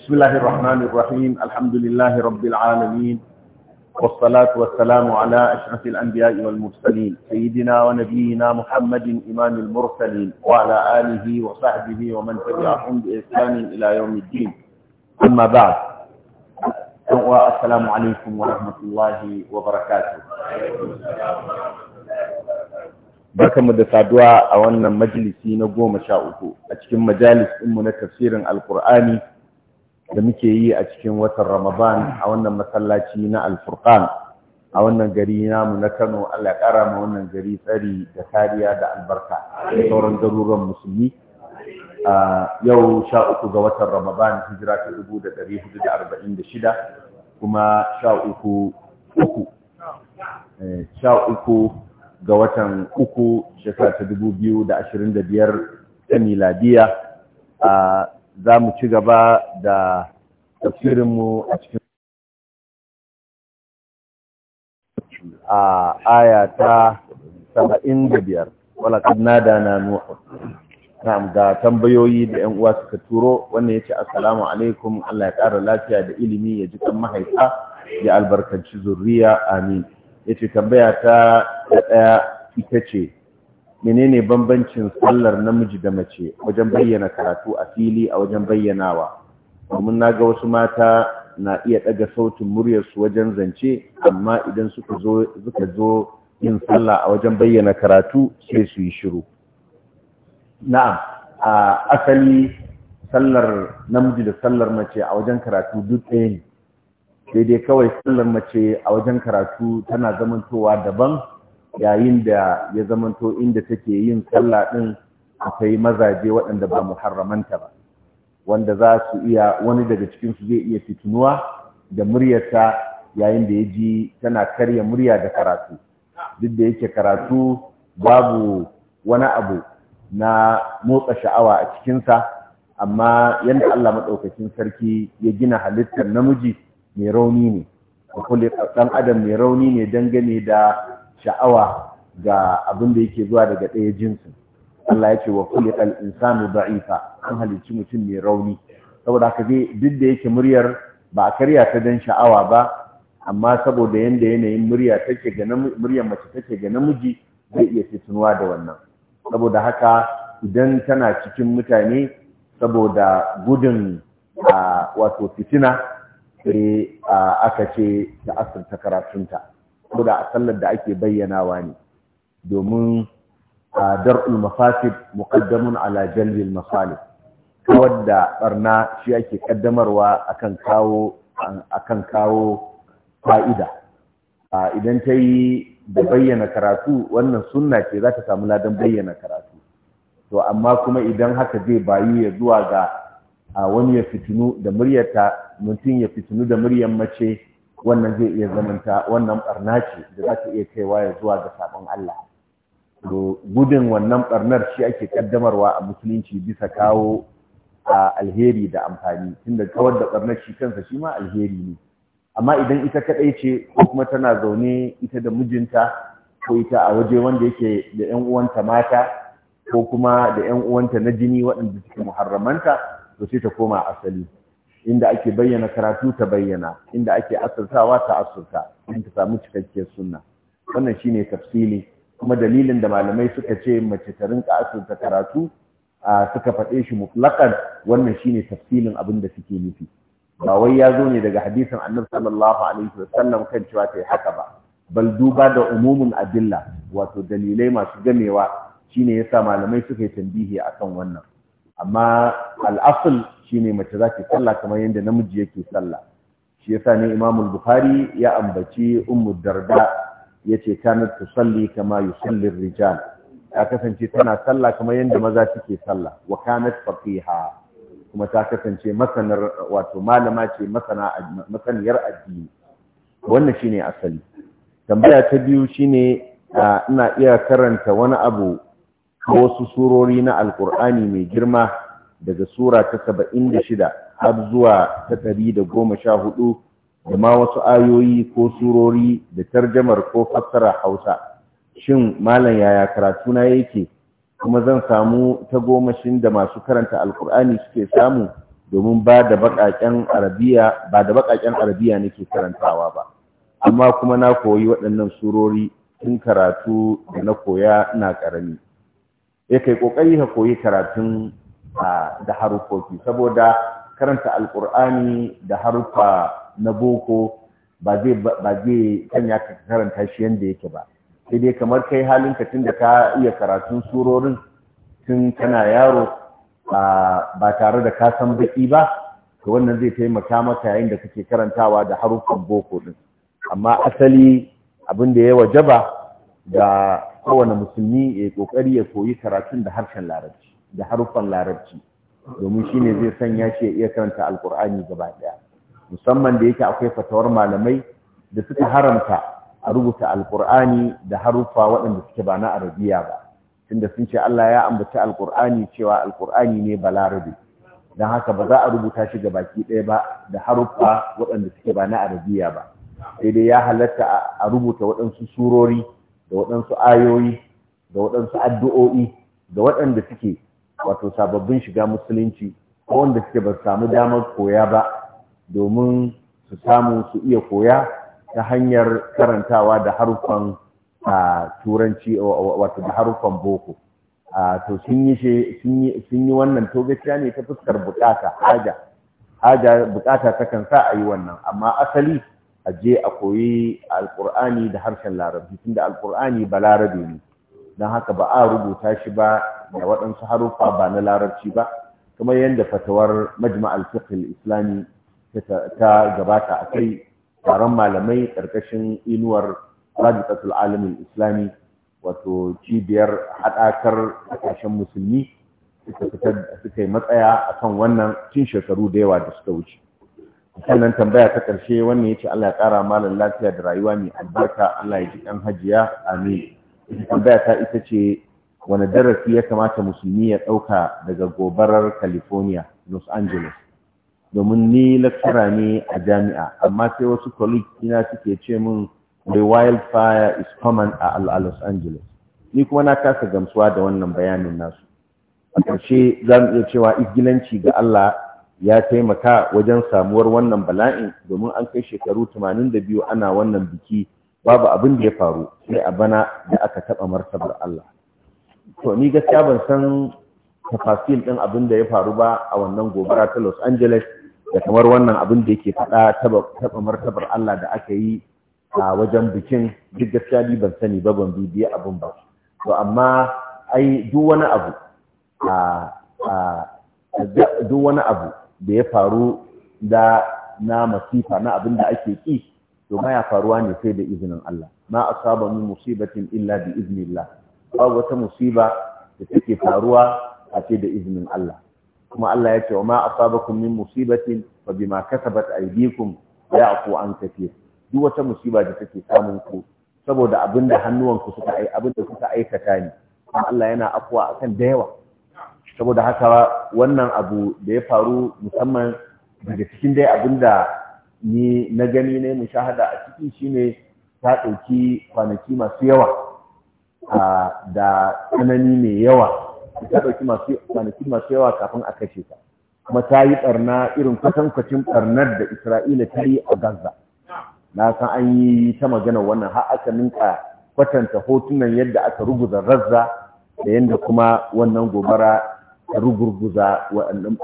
بسم الله الرحمن الرحيم الحمد لله رب العالمين والصلاة والسلام على أشرف الأنبياء والمرسلين سيدنا ونبينا محمد إمام المرسلين وعلى آله وصحبه ومن تبعهم بإحسان إلى يوم الدين أما بعد السلام عليكم ورحمة الله وبركاته بكم da saduwa a wannan majalisi na goma sha uku a da muke yi a cikin watan Ramadan a wannan masallaci na Al-Furqan a wannan gari namu na Kano Allah ƙara mu wannan gari tsari da kariya da albarka da sauran garuruwan musulmi a yau sha uku ga watan Ramadan hijira ta dubu da ɗari arba'in da shida kuma sha uku uku eh, sha uku ga watan uku shekara ta dubu biyu da ashirin da biyar ta miladiya a za mu ci gaba da tafsirinmu a cikin a aya ta saba'in biyar wala na da na nuhu na'am ga tambayoyi da yan uwa suka turo wannan yace assalamu alaikum Allah ya ƙara lafiya da ilimi ya ji kan mahaifa ya albarkanci zuriya amin yace tambaya ta ɗaya ita ce menene bambancin sallar namiji da mace wajen bayyana karatu a fili a wajen bayyanawa domin na ga wasu mata na iya ɗaga sautin muryarsu wajen zance amma idan suka zo yin sallah a wajen bayyana karatu sai su yi shiru na'am a asali sallar namiji da sallar mace a wajen karatu duk ɗaya ne daidai kawai sallar mace a wajen karatu tana zamantowa daban yayin da ya zamanto inda take yin sallah din akwai mazaje waɗanda ba muharramanta ba wanda za su iya wani daga cikin su zai iya fitinuwa da muryarsa yayin da ya ji tana karya murya da karatu duk da yake karatu babu wani abu na motsa sha'awa a cikinsa amma yadda Allah maɗaukakin sarki ya gina halittar namiji mai rauni ne ɗan adam mai rauni ne dangane da sha'awa ga abin da yake zuwa daga ɗaya jinsin Allah ya ce wa kulli al insanu da'ifa an halicci mutum mai rauni saboda haka dai duk da yake muryar ba a karya ta dan sha'awa ba amma saboda yanda yanayin murya take ga muryar mace take ga namiji zai iya fitinuwa da wannan saboda haka idan tana cikin mutane saboda gudun wato fitina sai aka ce ta asirta karatunta da a sallar da ake bayyanawa ne domin a dar'ul mafasid muqaddamun ala jalbil masalih kawar da barna shi ake kaddamarwa akan kawo akan kawo fa'ida idan ta yi da bayyana karatu wannan sunna ce za ta samu ladan bayyana karatu to amma kuma idan haka zai bayu ya zuwa ga wani ya fitinu da muryarta mutum ya fitinu da muryar mace wannan zai iya zamanta wannan barna ce da za ta iya kaiwa ya zuwa ga sabon Allah gudun wannan barnar shi ake kaddamarwa a musulunci bisa kawo a alheri da amfani tunda kawar da barnar shi kansa shi ma alheri ne amma idan ita kaɗai ce ko kuma tana zaune ita da mijinta ko ita a waje wanda yake da 'yan uwanta mata ko kuma da 'yan uwanta na jini waɗanda suke muharramanta to sai ta koma asali inda ake bayyana karatu ta bayyana inda ake asirtawa ta asirta in ta samu cikakkiyar sunna wannan shine tafsili kuma dalilin da malamai suka ce mace ta rinka asirta karatu suka faɗe shi mutlaqan wannan shine tafsilin abin da suke nufi ba wai ya zo ne daga hadisin annabi sallallahu alaihi wasallam kan cewa ta yi haka ba bal duba da umumin adilla wato dalilai masu gamewa shine yasa malamai suka yi tambihi akan wannan amma al'asul ne mace za ta sallah kamar yadda namiji yake sallah shi yasa ne Imam Buhari bukhari ya ambaci Ummu Darda yace kanat tusalli kama yusalli rijal Ya kasance tana sallah kamar yadda maza suke sallah wa kanat faqiha kuma ta kasance masanar wato malama ce masana masaniyar addini wannan shine asali tambaya ta biyu shine ina iya karanta wani abu ko wasu surori na alkur'ani mai girma daga sura ta saba'in da shida har zuwa ta ɗari da goma sha hudu da ma wasu ayoyi ko surori da tarjamar ko fassara hausa shin malam yaya karatuna yake kuma zan samu ta gomashin da masu karanta alkur'ani suke samu domin ba da baƙaƙen arabiya ba da baƙaƙen arabiya nake karantawa ba amma kuma na koyi waɗannan surori tun karatu da na koya na ƙarami ya eh, kai ƙoƙari ka koyi karatun da harufofi saboda karanta alkur'ani da harufa na boko ba zai ba zai sanya ka karanta shi yanda yake ba sai dai kamar kai halin ka tunda ka iya karatun surorin tun kana yaro ba tare da ka san baki ba to wannan zai taimaka maka yayin da kake karantawa da harufan boko din amma asali abin da ya wajaba da kowane musulmi ya kokari ya koyi karatun da harshen larabci da haruffan larabci domin shi ne zai sanya shi ya iya karanta alkur'ani gaba ɗaya musamman da yake akwai fatawar malamai da suka haramta a rubuta alkur'ani da haruffa waɗanda suke ba na arabiya ba tunda sun ce Allah ya ambaci alkur'ani cewa alkur'ani ne balarabi Dan haka ba za a rubuta shi ga baki ɗaya ba da haruffa waɗanda suke ba na arabiya ba sai dai ya halatta a rubuta waɗansu surori da waɗansu ayoyi da waɗansu addu'o'i da waɗanda suke wato sababbin shiga musulunci ko wanda suke ba samu damar koya ba domin su samu su iya koya ta hanyar karantawa da haruffan turanci wato da haruffan boko to sun yi wannan to ne ta fuskar bukata haja haja bukata ta kan sa a yi wannan amma asali a je a koyi alkur'ani da harshen larabci tunda alkur'ani ba larabe ne don haka ba a rubuta shi ba da waɗansu haruffa ba na larabci ba kamar yadda fatawar majma'al fiqh islami ta gabata a kai taron malamai ƙarƙashin inuwar rajatatul alamin islami wato cibiyar haɗakar ƙasashen musulmi suka yi matsaya akan wannan cin shekaru da yawa da suka wuce sannan tambaya ta ƙarshe wannan ya ce Allah ya ƙara malam lafiya da rayuwa mai albarka Allah ya ji ɗan hajiya amin tambaya ta ita ce wani darasi ya kamata musulmi ya ɗauka daga gobarar california los angeles domin ni lecturer ne a jami'a amma sai wasu colleagues ina suke ce min the wildfire is common a los angeles ni kuma na kasa gamsuwa da wannan bayanin nasu a ƙarshe za mu iya cewa igilanci ga allah ya taimaka wajen samuwar wannan bala'in domin an kai shekaru 82 ana wannan biki babu abin da ya faru sai a bana da aka taɓa martabar allah to ni gaskiya ban san tafasil din abin da ya faru ba a wannan gobara ta Los Angeles da kamar wannan abin da yake faɗa taɓa martabar Allah da aka yi a wajen bikin duk gaskiya ni ban sani ba ban bibiya abin ba to amma ai duk wani abu a duk wani abu da ya faru da na masifa na abin da ake ki to ya faruwa ne sai da izinin Allah ma asaba min musibatin illa bi iznillah babu wata musiba da take faruwa a ce da izinin Allah kuma Allah ya ce wa ma asabakum min musibatin fa bima kasabat aydikum ya'fu an kathir duk wata musiba da take samun ku saboda abinda hannuwanku suka ai abinda kuka aikata ne kuma Allah yana afwa akan da yawa saboda haka wannan abu da ya faru musamman daga cikin dai abinda ni na gani ne mushahada a ciki shine ta ɗauki kwanaki masu yawa da tsanani mai yawa ta ɗauki masu kwanaki masu yawa kafin a kashe ta kuma ta yi ɓarna irin kwatankwacin ɓarnar da isra'ila ta yi a gaza na san an yi ta magana wannan har aka ninka kwatanta hotunan yadda aka ruguza razza da yadda kuma wannan gobara ta rugurguza waɗannan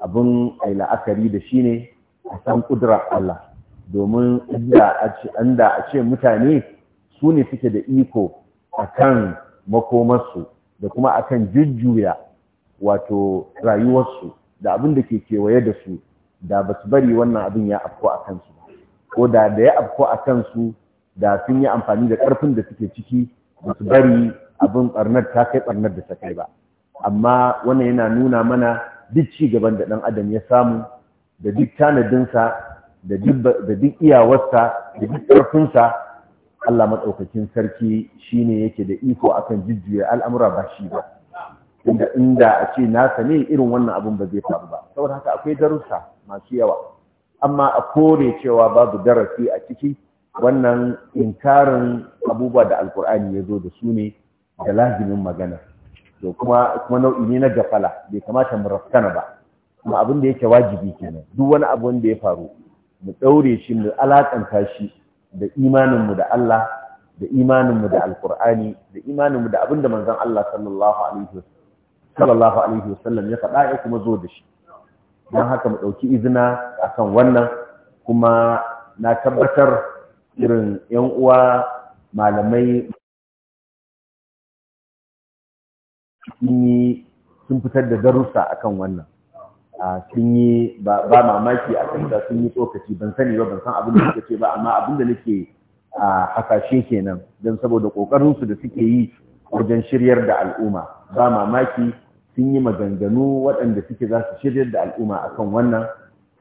abin ai la'akari da shi ne a san ƙudurar Allah domin inda a ce mutane su ne suke da iko a kan makomarsu da kuma a kan jujjuya wato rayuwarsu da abin da ke kewaye da su da ba su bari wannan abin ya afko a kansu ba ko da da ya afko a kansu da sun yi amfani da ƙarfin da suke ciki ba su bari abin barnar ta kai ɓarnar da ta kai ba amma wannan yana nuna mana duk ci gaban da ɗan adam ya samu da duk tanadinsa da duk iyawarsa da duk ƙarfinsa Allah maɗaukakin sarki shi ne yake da iko akan jujjuya al'amura ba shi ba inda inda a ce nasa ne irin wannan abin ba zai faru ba saboda haka akwai darussa masu yawa amma a kore cewa babu darasi a ciki wannan inkarin abubuwa da alkur'ani ya zo da su ne da lazimin magana to kuma kuma nau'i ne na gafala bai kamata mu rafkana ba kuma abin da yake wajibi kenan duk wani abu wanda ya faru mu ɗaure shi mu alaƙanta shi da imaninmu da Allah da imaninmu da alƙur'ani da imaninmu da abinda manzon Allah sallallahu alaihi wasallam ya faɗa ya kuma zo da shi don haka mu ɗauki izina akan wannan kuma na tabbatar irin 'yan uwa malamai sun fitar da darussa a kan wannan sun yi ba mamaki a kan sun yi tsokaci ban sani ba ban san abin da suka ce ba amma abin da nake a hasashe kenan don saboda ƙoƙarinsu da suke yi wajen shiryar da al'umma ba mamaki sun yi maganganu waɗanda suke za su shiryar da al'umma a kan wannan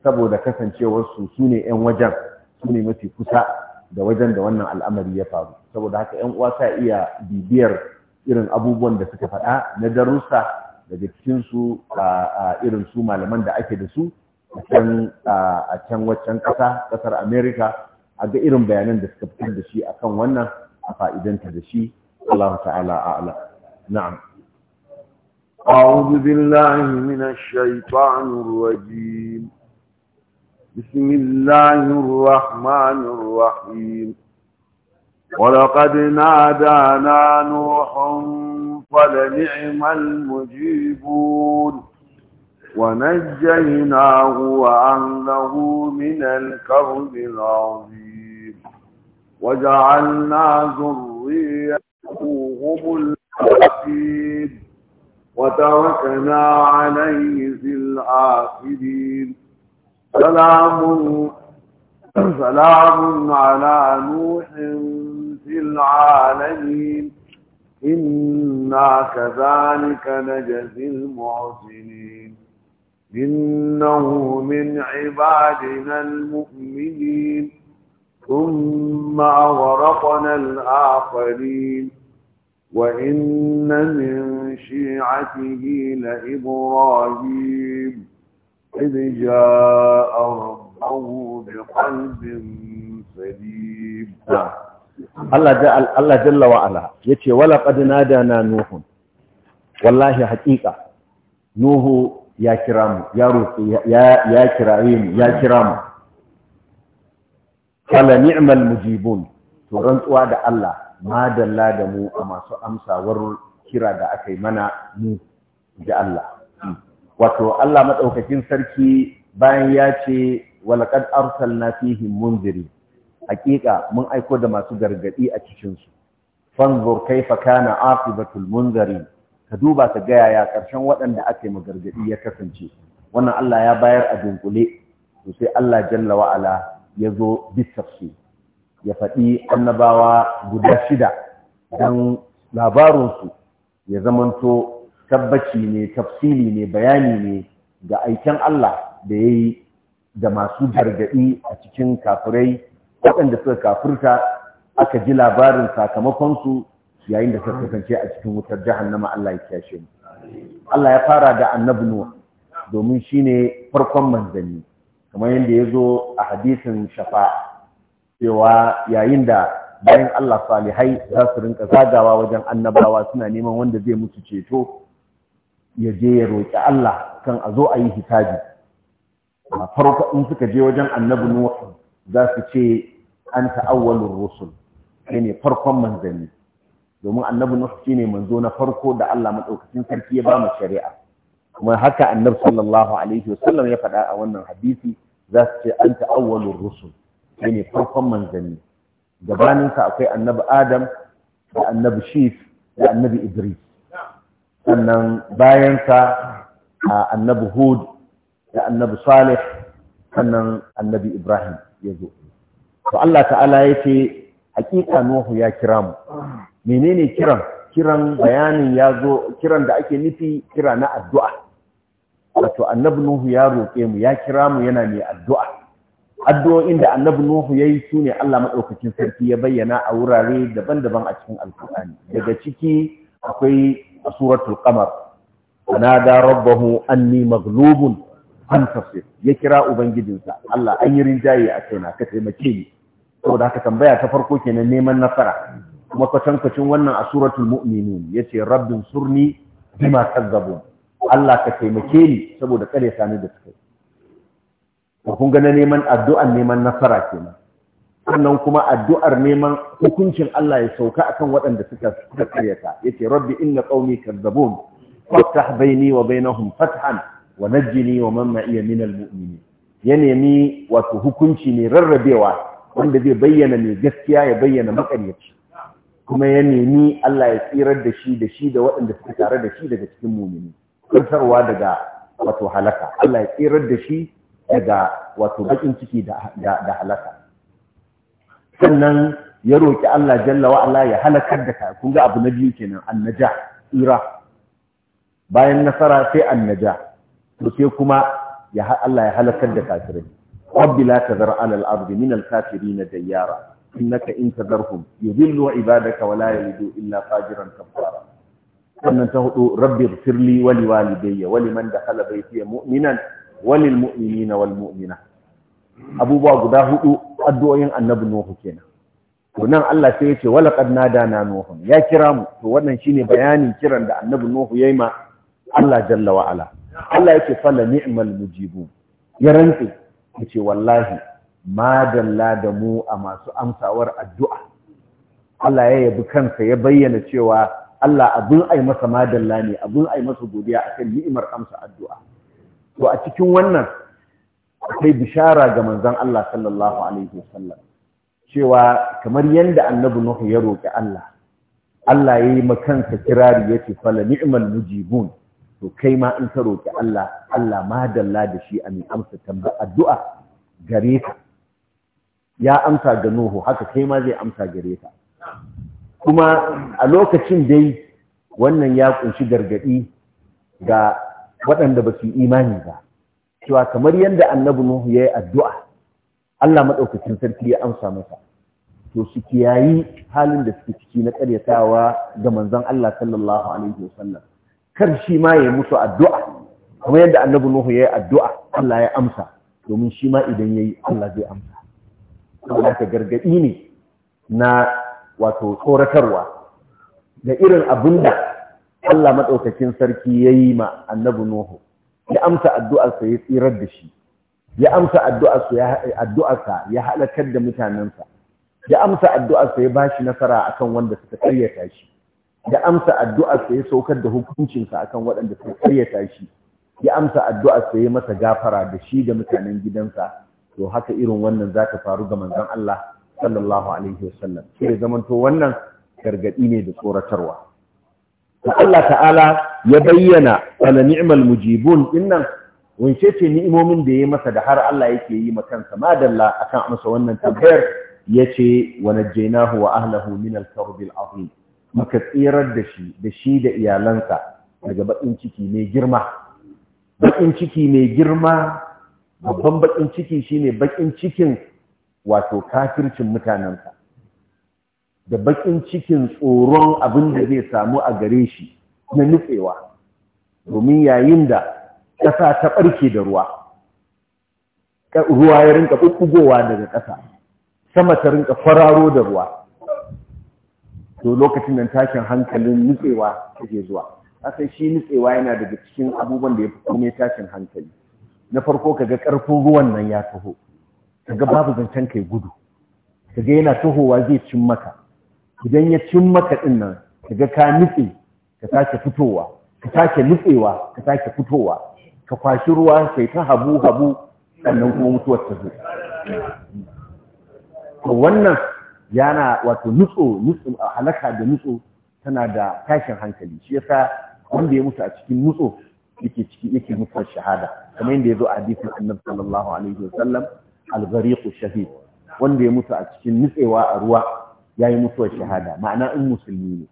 saboda kasancewarsu su ne 'yan wajen su ne mafi kusa da wajen da wannan al'amari ya faru saboda haka 'yan uwa sa iya bibiyar irin abubuwan da suka faɗa na darussa daga cikinsu a irin su malaman da ake da su a can waccan ƙasa ƙasar amerika a ga irin bayanan da suka fitar da shi akan wannan a fa'idanta da shi Allah ta'ala ala na'am أعوذ بالله من الشيطان الرجيم بسم الله الرحمن الرحيم ولقد نادانا نوح فلنعم المجيبون ونجيناه وأهله من الكرب العظيم وجعلنا ذريته هم الأخير وتركنا عليه في الآخرين سلام سلام على نوح في العالمين إنا كذلك نجزي المحسنين إنه من عبادنا المؤمنين ثم أغرقنا الآخرين وإن من شيعته لإبراهيم إذ جاء ربه وهو بقلب سليم Allah jalla wa'ala ya ce, Wala ƙadina da na Nuhun, wallahi haƙiƙa, Nuhu ya kira ya roƙi, ya kiraye ya kira mu. Kala ni'mal mujibun, to rantsuwa da Allah, madalla da mu a masu amsawar kira da aka yi mana mu da Allah. Wato, Allah maɗaukakin sarki bayan ya ce, walaqad arsalna fihim munziri Haƙiƙa mun aiko da masu gargadi a cikin su fanzur kaifa kana aqibatul munzari ka duba ka gaya ya ƙarshen waɗanda aka yi gargadi ya kasance wannan Allah ya bayar a dunkule to sai Allah jalla wa ya zo bisafsi ya faɗi annabawa guda shida don labarinsu ya zamanto tabbaci ne tafsili ne bayani ne ga aikin Allah da ya yi da masu gargaɗi a cikin kafirai waɗanda suka kafirta aka ji labarin sakamakonsu yayin da suka kasance a cikin wutar jahannama Allah ya kyashe mu Allah ya fara da annabi Nuh domin shine farkon manzanni kamar yadda ya zo a hadisin shafa cewa yayin da bayan Allah salihai za su rinka zagawa wajen annabawa suna neman wanda zai musu ceto ya je ya roƙi Allah kan a zo a yi hisabi a farko in suka je wajen annabi nuhu za su ce an ta'awwalur rusul shine farkon manzanni domin annabi nuhu shine manzo na farko da Allah madaukakin sarki ya ba mu shari'a kuma haka annabi sallallahu alaihi wasallam ya faɗa a wannan hadisi za su ce an ta'awwalur rusul shine farkon manzanni gabaninsa akwai annabi adam da annabi shif da annabi idris sannan bayansa annabi hud da annabi salih sannan annabi ibrahim ya zo to Allah ta'ala ya ce hakika nuhu ya kira mu menene kiran kiran bayanin ya zo kiran da ake nufi kira na addu'a wato annabi nuhu ya roƙe mu ya kira mu yana mai addu'a addu'o'in da annabi nuhu ya yayi ne Allah maɗaukacin sarki ya bayyana a wurare daban-daban a cikin alkur'ani daga ciki akwai a suratul qamar ga rabbahu anni maghlubun fantasir ya kira ubangijinsa Allah an yi rinjaye a kaina ka taimake ni saboda haka tambaya ta farko kenan neman nasara kuma kwatankwacin wannan a suratul mu'minun yace rabbin surni bima kazzabun Allah ka taimake ni saboda kare sani da suka to kun ga neman addu'ar neman nasara kenan sannan kuma addu'ar neman hukuncin Allah ya sauka akan waɗanda suka suka karyata yace rabbi inna qaumi kazzabun faftah baini wa bainahum fathan wa najjini wa man ma'iya minal almu'minin ya nemi wato hukunci ne rarrabewa wanda zai bayyana mai gaskiya ya bayyana makaryaci kuma ya nemi Allah ya tsirar da shi da shi da waɗanda suka tare da shi daga cikin mumini kuntarwa daga wato halaka Allah ya tsirar da shi daga wato bakin ciki da halaka sannan ya roƙi Allah jalla wa Allah ya halakar da ka kun ga abu na biyu kenan annaja tsira bayan nasara sai annaja to sai kuma ya Allah ya halakar da kafirai rabbi la tazar ala al-ardi min al-kafirin dayyara innaka in tadarhum yudillu ibadaka wa la yalidu illa fajiran kafara sannan ta hudu rabbi firli wa liwalidayya wa liman dakhala baytiya mu'minan wa lil mu'minina wal mu'minat abubuwa guda hudu addu'o'in annabi nuhu kenan to nan Allah sai ya ce wala na nadana nuhu ya kira mu to wannan shine bayanin kiran da annabi nuhu yayi ma Allah jalla wa ala Allah yake fala ni'mal mujibu ya rantse kace wallahi ma dalla da mu a masu amsawar addu'a Allah ya yabi kansa ya bayyana cewa Allah abun ai masa madalla ne abun ai masa godiya akan ni'imar amsa addu'a to a cikin wannan akwai bishara ga manzon Allah sallallahu alaihi wasallam cewa kamar yanda annabi Nuhu ya roki Allah Allah ya yi makansa kirari yace fala ni'mal mujibun to kai ma in ka roƙi Allah Allah ma da shi a mai amsa tambar addu'a gare ka ya amsa ga Nuhu haka kai ma zai amsa gare ka kuma a lokacin dai wannan ya kunshi gargadi ga waɗanda ba su imani ba cewa kamar yadda annabi Nuhu ya yi addu'a Allah maɗaukacin sarki ya amsa masa to su kiyayi halin da suke ciki na ƙaryatawa ga manzon Allah sallallahu alaihi wasallam kar shi ma ya musu addu'a kamar yadda annabi nuhu ya yi addu'a Allah ya amsa domin shi ma idan ya yi Allah zai amsa Allah ka gargaɗi ne na wato tsoratarwa da irin abin da Allah maɗaukakin sarki ya yi ma annabi nuhu ya amsa addu'arsa ya tsirar da shi ya amsa addu'arsa ya halakar da mutanensa ya amsa addu'arsa ya ba shi nasara akan wanda suka karyata shi Ya amsa addu'arsa ya saukar da hukuncinsa akan waɗanda suka karyata shi ya amsa addu'arsa ya masa gafara da shi da mutanen gidansa to haka irin wannan za ta faru ga manzon Allah sallallahu alaihi wasallam sai zamanto wannan gargadi ne da tsoratarwa to Allah ta'ala ya bayyana ala ni'mal mujibun dinnan wance ce ni'imomin da ya masa da har Allah yake yi ma kansa madalla akan amsa wannan tambayar yace wa najjaynahu wa ahlihi min al-karb al-azim muka tsirar da shi da shi da iyalansa daga bakin ciki mai girma bakin ciki mai girma babban bakin ciki shine bakin cikin wato kafircin mutanensa da bakin cikin tsoron abin da zai samu a gare shi na nutsewa domin yayin da ƙasa ta ɓarke da ruwa ruwa ya rinka ɓuɓɓugowa daga ƙasa sama ta rinka kwararo da ruwa to lokacin nan tashin hankalin nutsewa take zuwa asan shi nutsewa yana daga cikin abubuwan da ya fi kome tashin hankali na farko kaga karfin ruwan nan ya taho kaga babu zancen kai gudu kaga yana tahowa zai cin maka idan ya cin maka din nan kaga ka nutse ka sake fitowa ka sake nutsewa ka sake fitowa ka kwashi ruwa sai ta habu habu sannan kuma mutuwar ta zo wannan yana wato nutso nutso halaka da nutso tana da tashin hankali shi yasa wanda ya mutu a cikin nutso yake ciki yake mutuwar shahada kamar yadda ya zo a hadisin annabi sallallahu alaihi wa sallam, al-ghariqu shahid wanda ya mutu a cikin nutsewa a ruwa yayi mutuwar shahada ma'ana in musulmi ne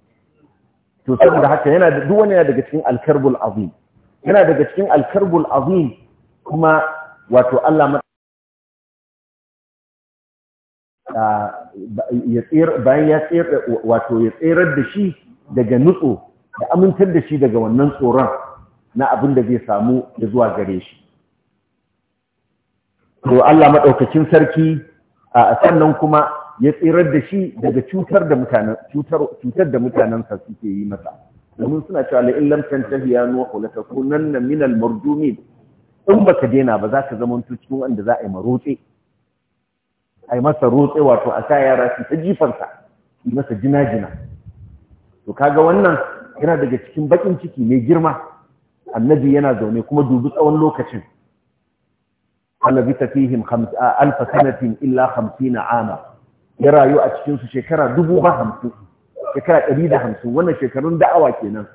to saboda haka yana da duk wani yana daga cikin al-karbul azim yana daga cikin al-karbul azim kuma wato Allah bayan ya tsere wato ya tserar da shi daga nutsu, da amintar da shi daga wannan tsoron na abin da zai samu da zuwa gare shi to Allah maɗaukacin sarki a sannan kuma ya tsirar da shi daga cutar da mutanen cutar da mutanensa suke yi masa domin suna cewa la illam tantahi ya nuhu la takunanna min al mardumin in baka daina ba za ka zama cikin wanda za a yi marotse a yi masa rotse wato a sa yara su ta jifansa yi masa jina-jina to kaga wannan yana daga cikin bakin ciki mai girma annabi yana zaune kuma dubi tsawon lokacin alabita fihim alfa sanatin illa hamsina ama ya rayu a cikinsu shekara dubu ba hamsin shekara ɗari da hamsin wannan shekarun da'awa kenan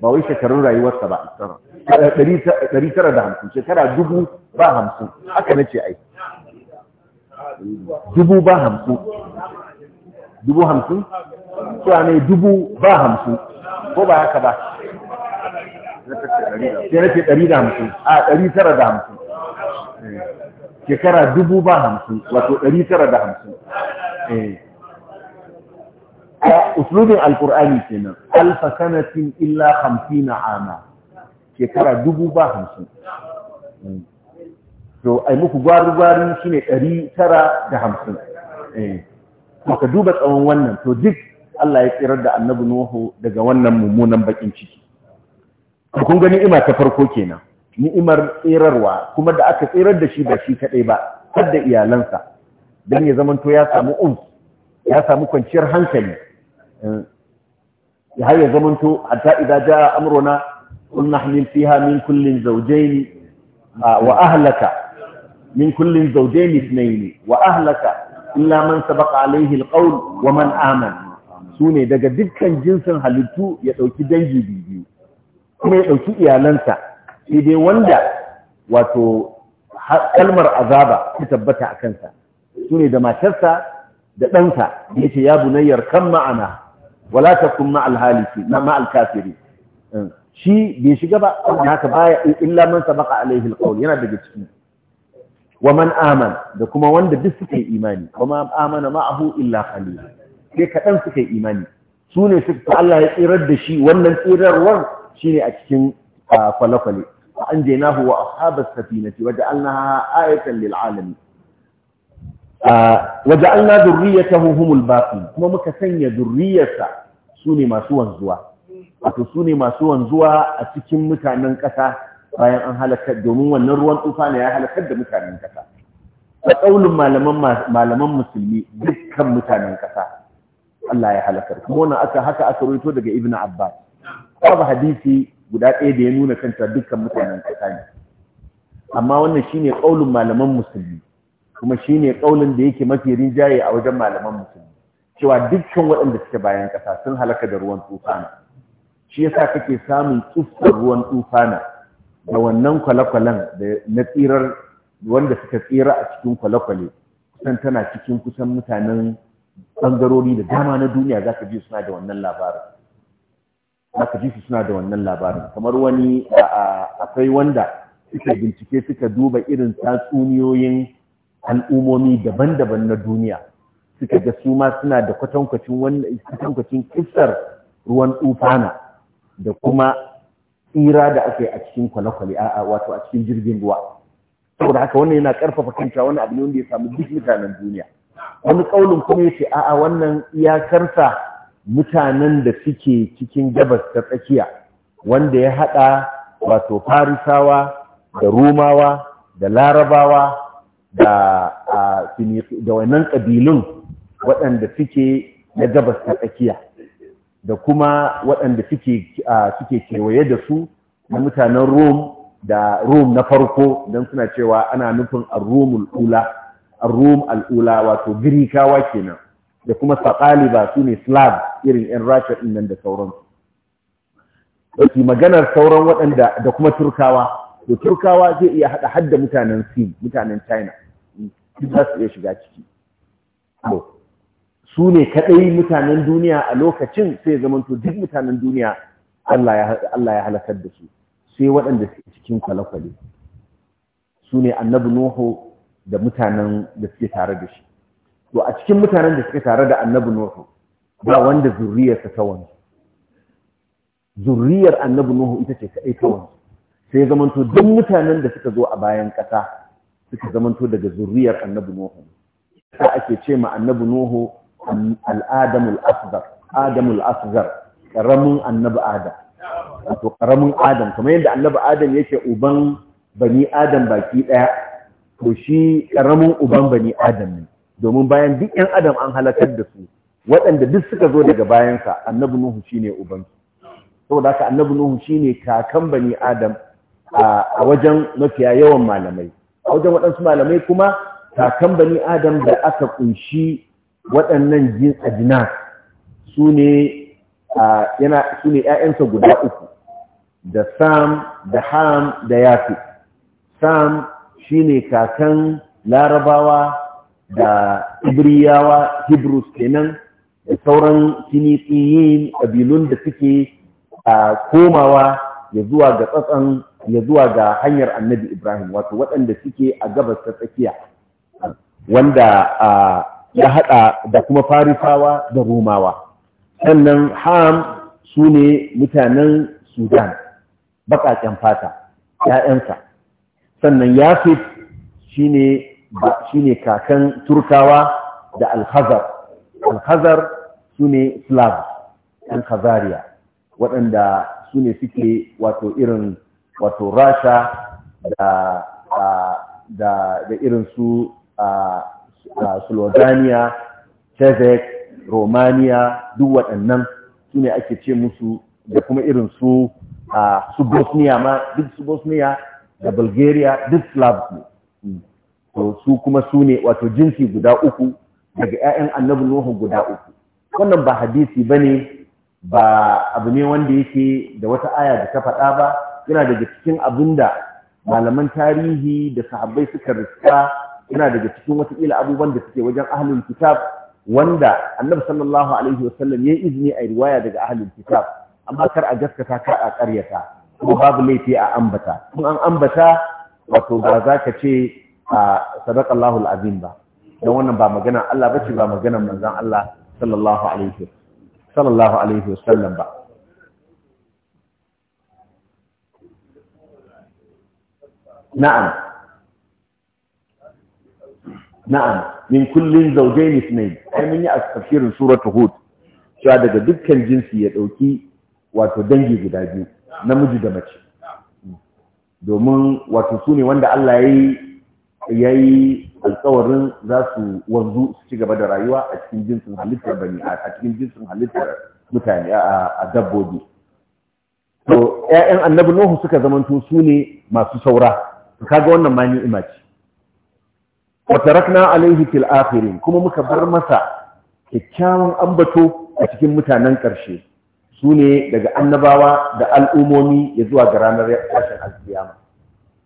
ba wai shekarun rayuwarsa ba ɗari tara da hamsin shekara dubu ba hamsin haka na ce ai dubu ba hamsin dubu hamsin cewa ne dubu ba hamsin ko ba ya ba sai nake ɗari da hamsin a ɗari tara da hamsin shekara dubu ba hamsin wato ɗari tara da hamsin eh. a usulun alkur'ani kenan alfa sanatin illa hamsin na ana shekara dubu ba hamsin hmm. to ai muku gwari-gwari shi ne ɗari tara da hamsin maka eh, duba tsawon wannan to duk Allah ya tsirar da annabi Nuhu daga wannan mummunan bakin ciki kun ga ima ta farko kenan ni'imar tsirarwa kuma da aka tsirar da shi ba shi kadai ba har da iyalansa dan ya to ya samu um ya samu kwanciyar hankali ya eh, haye ya zamanto hatta idan ja amruna na nahmil fiha min kullin zawjayn wa ahlaka min kullin zawjayn ne wa ahlaka illa man sabaqa alayhi alqawl wa man sune daga dukkan jinsin halittu ya dauki dangi biyu kuma ya dauki iyalansa sai dai wanda wato kalmar azaba ta tabbata a kansa sune da matarsa da ɗansa yace ya bunayyar kan ma'ana wala takun ma alhaliki na ma alkafiri shi bai shiga ba haka baya illa man sabaqa alayhi alqawl yana daga cikin wa man aman da kuma wanda duk suka yi imani kuma amana ma'ahu illa qalil sai kadan suka yi imani su ne suka Allah ya tsirar da shi wannan tsirarwar shine a cikin falafale wa anjaynahu wa ashabas safinati wa ja'alnaha ayatan lil alamin wa ja'alna dhurriyyatahu humul baqin kuma muka sanya dhurriyyarsa su ne masu wanzuwa wato su ne masu wanzuwa a cikin mutanen ƙasa bayan an halakar domin wannan ruwan tufa ne ya halakar da mutanen kasa a tsaunin malaman musulmi dukkan mutanen kasa Allah ya halakar kuma wannan aka haka aka rito daga Ibn Abbas babu hadisi guda ɗaya da ya nuna kanta dukkan mutanen kasa ne amma wannan shine kaulin malaman musulmi kuma shine kaulin da yake mafi rinjaye a wajen malaman musulmi cewa dukkan waɗanda suke bayan kasa sun halaka da ruwan tufana shi yasa kake samun tsuffar ruwan tufana da wannan kwale-kwalen da na tsirar wanda suka tsira a cikin kwale-kwale kusan tana cikin kusan mutanen ɓangarori da dama na duniya za ka ji suna da wannan labarin za ka ji su suna da wannan labarin kamar wani akwai wanda suka bincike suka duba irin tatsuniyoyin al'umomi daban-daban na duniya suka ga su ma suna da kwatankwacin kisar ruwan tsufana da kuma tsira da aka yi a cikin kwale-kwale a wato a cikin jirgin ruwa saboda haka wannan yana karfafa kanta wani abu ne wanda ya samu duk mutanen duniya wani kaulin kuma ya ce a'a wannan iyakarsa mutanen da suke cikin gabas ta tsakiya wanda ya haɗa wato farisawa da rumawa da larabawa da wannan ƙabilun waɗanda suke na gabas ta tsakiya da kuma waɗanda suke kewaye da su na mutanen rom da rom na farko don suna cewa ana nufin al-Rome al'ula wato Girikawa kenan da kuma Saƙaliba su ne Slav irin ‘yan Rasha ɗin nan da su. Ɗauki maganar sauran waɗanda da kuma Turkawa, to Turkawa zai iya haɗa hadda mutanen Sin, mutanen China, za su iya shiga ciki. su ne kaɗai mutanen duniya a lokacin sai to duk mutanen duniya Allah ya halakar da su sai waɗanda suke cikin kwale-kwale su ne annabi Nuhu da mutanen da suke tare da shi to a cikin mutanen da suke tare da annabi Nuhu ba wanda zurriyarsa ta wani zurriyar annabi Nuhu ita ce kaɗai ta wani sai to duk mutanen da suka zo a bayan ƙasa suka to daga zurriyar annabi Nuhu sai ake ce ma annabi Nuhu al'adamul asgar adamul asgar ƙaramin annabi adam wato ƙaramin adam kamar yadda annabi adam yake uban bani adam baki ɗaya to shi ƙaramin uban bani adam ne domin bayan duk ‘yan adam an halakar da su waɗanda duk suka zo daga bayansa annabi nuhu shi ne ubansu saboda haka annabi nuhu shi ne kakan bani adam a wajen mafiya yawan malamai a wajen waɗansu malamai kuma kakan bani adam da aka kunshi waɗannan jin ajina su ne ‘ya'yansa guda uku da sam da ham da yafi sam shi ne kakan larabawa da ibriyawa hebrews kenan da sauran kinisiyin ƙabilun da suke komawa ya zuwa ga tsatsan ya zuwa ga hanyar annabi ibrahim wato waɗanda suke a gabas ta tsakiya wanda ya haɗa da kuma farisawa da rumawa. sannan ham su ne mutanen sudan baƙaƙen fata ‘ya'yansa sannan Yafit shi ne kakan turkawa da alhazar alhazar su ne slav ‘yan khazariya waɗanda su ne suke wato irin wato rasha da irin su a. Ah, Slovenia, Czech, Romania duk waɗannan su ne ake ce musu da kuma irin su a su Bosnia ma duk su Bosnia da Bulgaria duk Slavs ne. Hmm. To su kuma su ne wato jinsi guda uku daga 'ya'yan annabi Nuhu guda uku. Wannan ba hadisi ba ne ba abu ne wanda yake da wata aya da ta faɗa ba yana daga cikin abin da malaman tarihi da sahabbai suka riska yana daga cikin watakila abubuwan da suke wajen ahalin kitab wanda annabi sallallahu alaihi wasallam ya izini a riwaya daga ahalin kitab amma kar a gaskata kar a karyata ko babu laifi a ambata kun an ambata wato ba za ka ce a sadaqallahu alazim ba don wannan ba magana Allah bace ba magana manzon Allah sallallahu alaihi sallallahu alaihi wasallam ba na'am na'am min kullin zawjayn ithnayn ai mun yi a tafsirin suratul hud cewa daga dukkan jinsi ya dauki wato dangi guda biyu namiji da mace domin wato su wanda Allah ya yi alkawarin za su wanzu su ci gaba da rayuwa a cikin jinsin halittar bani a cikin jinsin halittar mutane a dabbobi to ƴaƴan annabi Nuhu suka zamanto su ne masu saura to kaga wannan ma ni'ima ce wa tarakna alaihi fil akhirin kuma muka bar masa kyakkyawan ambato a cikin mutanen ƙarshe su ne daga annabawa da al'umomi ya zuwa ga ranar tashin alkiyama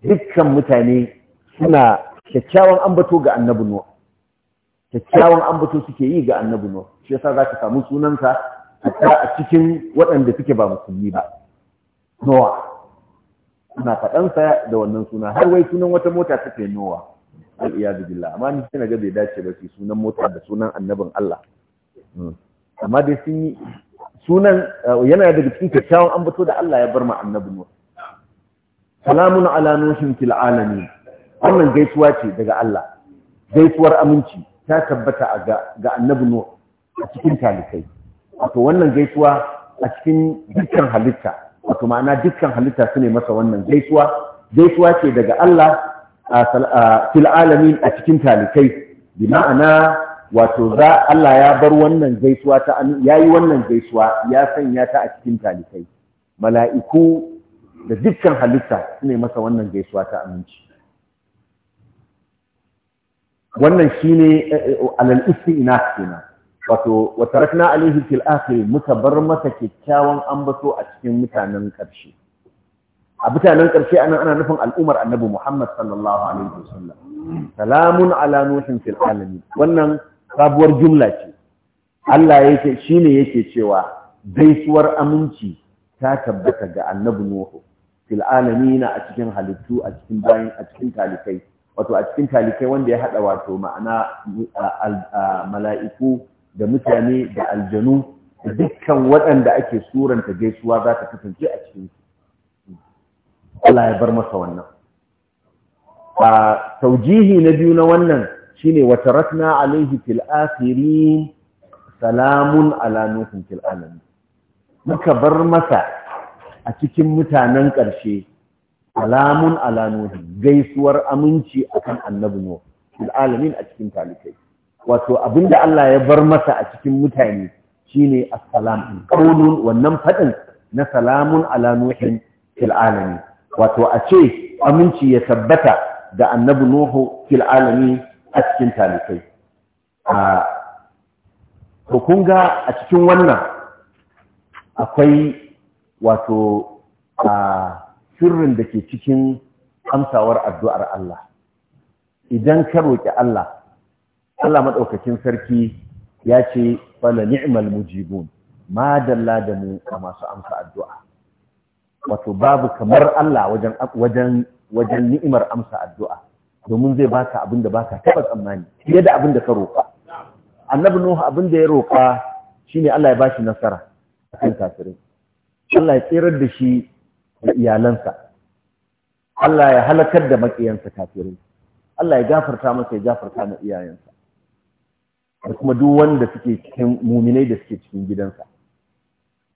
dukkan mutane suna kyakkyawan ambato ga annabi kyakkyawan ambato suke yi ga annabi Shiyasa shi yasa zaka samu sunansa a cikin waɗanda suke ba musulmi ba nowa ana faɗansa da wannan suna har wai sunan wata mota take nowa wal iyadu billah amma ni suna ga dace ba su sunan mota da sunan annabin Allah hmm. amma dai sun yi sunan uh, yana da cikin kyakkyawan an fito da Allah ya bar ma annabin wasu. salamun ala nuhin fil wannan gaisuwa ce daga Allah gaisuwar aminci ta tabbata ga annabi a cikin talikai wato wannan gaisuwa a cikin dukkan halitta wato ma'ana dukkan halitta su ne masa wannan gaisuwa gaisuwa ce daga Allah fil alamin a cikin talikai bi ma'ana wato za Allah ya bar wannan gaisuwa ta yayi wannan gaisuwa ya sanya ta a cikin talikai mala'iku da dukkan halitta ne masa wannan gaisuwa ta aminci wannan shine eh, eh, alal ina kenan wato watarakna alaihi fil akhir muka bar masa kyakkyawan ambato a cikin mutanen ƙarshe a bitanen ƙarshe anan ana nufin al'ummar annabi Muhammad sallallahu alaihi wasallam salamun ala nuhin fil alamin wannan sabuwar jumla ce Allah yake shine yake cewa gaisuwar aminci ta tabbata ga annabi Nuhu fil alamin a cikin halittu a cikin bayin a cikin talikai wato a cikin talikai wanda ya hada wato ma'ana mala'iku da mutane da aljanu dukkan waɗanda ake suranta gaisuwa za ta kasance a cikin su Allah ya bar masa wannan a taujihi na biyu na wannan shine wata tarakna alaihi fil akhirin salamun ala nuhin muka bar masa a cikin mutanen ƙarshe salamun ala gaisuwar aminci akan annabi nuh fil a cikin talikai wato abinda Allah ya bar masa a cikin mutane shine assalam qaulun wannan fadin na salamun ala nuhin wato a ce aminci ya tabbata da annabi nuhu fil alami a cikin talifai to kun ga a cikin wannan akwai wato a sirrin da ke cikin amsawar addu'ar Allah idan ka roƙi Allah Allah maɗaukacin sarki ya ce fala ni'mal mujibun ma dalla da mu a masu amsa addu'a wato babu kamar Allah wajen ni'imar amsa addu'a domin zai baka abin da baka taba tsammani fiye da abin da ka roƙa annabi nuhu abin da ya roƙa shine Allah ya bashi nasara akan kafirin Allah ya tsirar da shi da iyalansa Allah ya halakar da maƙiyansa kafirin. Allah ya gafarta masa ya gafarta na iyayensa da kuma duk wanda suke cikin muminai da suke cikin gidansa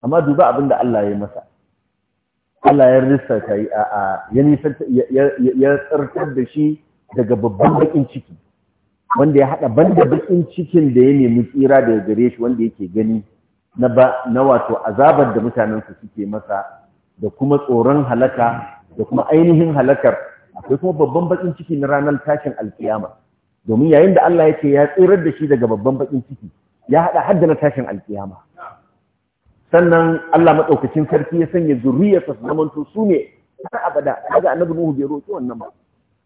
amma duba abin da Allah ya masa Allah ya yi a ya ya tsartar da shi daga babban bakin ciki wanda ya hada banda bakin cikin da ya nemi tsira daga gare shi wanda yake gani na ba na wato azabar da mutanen su suke masa da kuma tsoron halaka da kuma ainihin halakar akwai kuma babban bakin ciki na ranar tashin alkiyama domin yayin da Allah ya ce ya tsirar da shi daga babban bakin ciki ya hada da na tashin alkiyama sannan Allah maɗaukacin sarki ya sanya zuriyarsa su zamanto su ne har abada daga annabi Nuhu bai roƙi wannan ba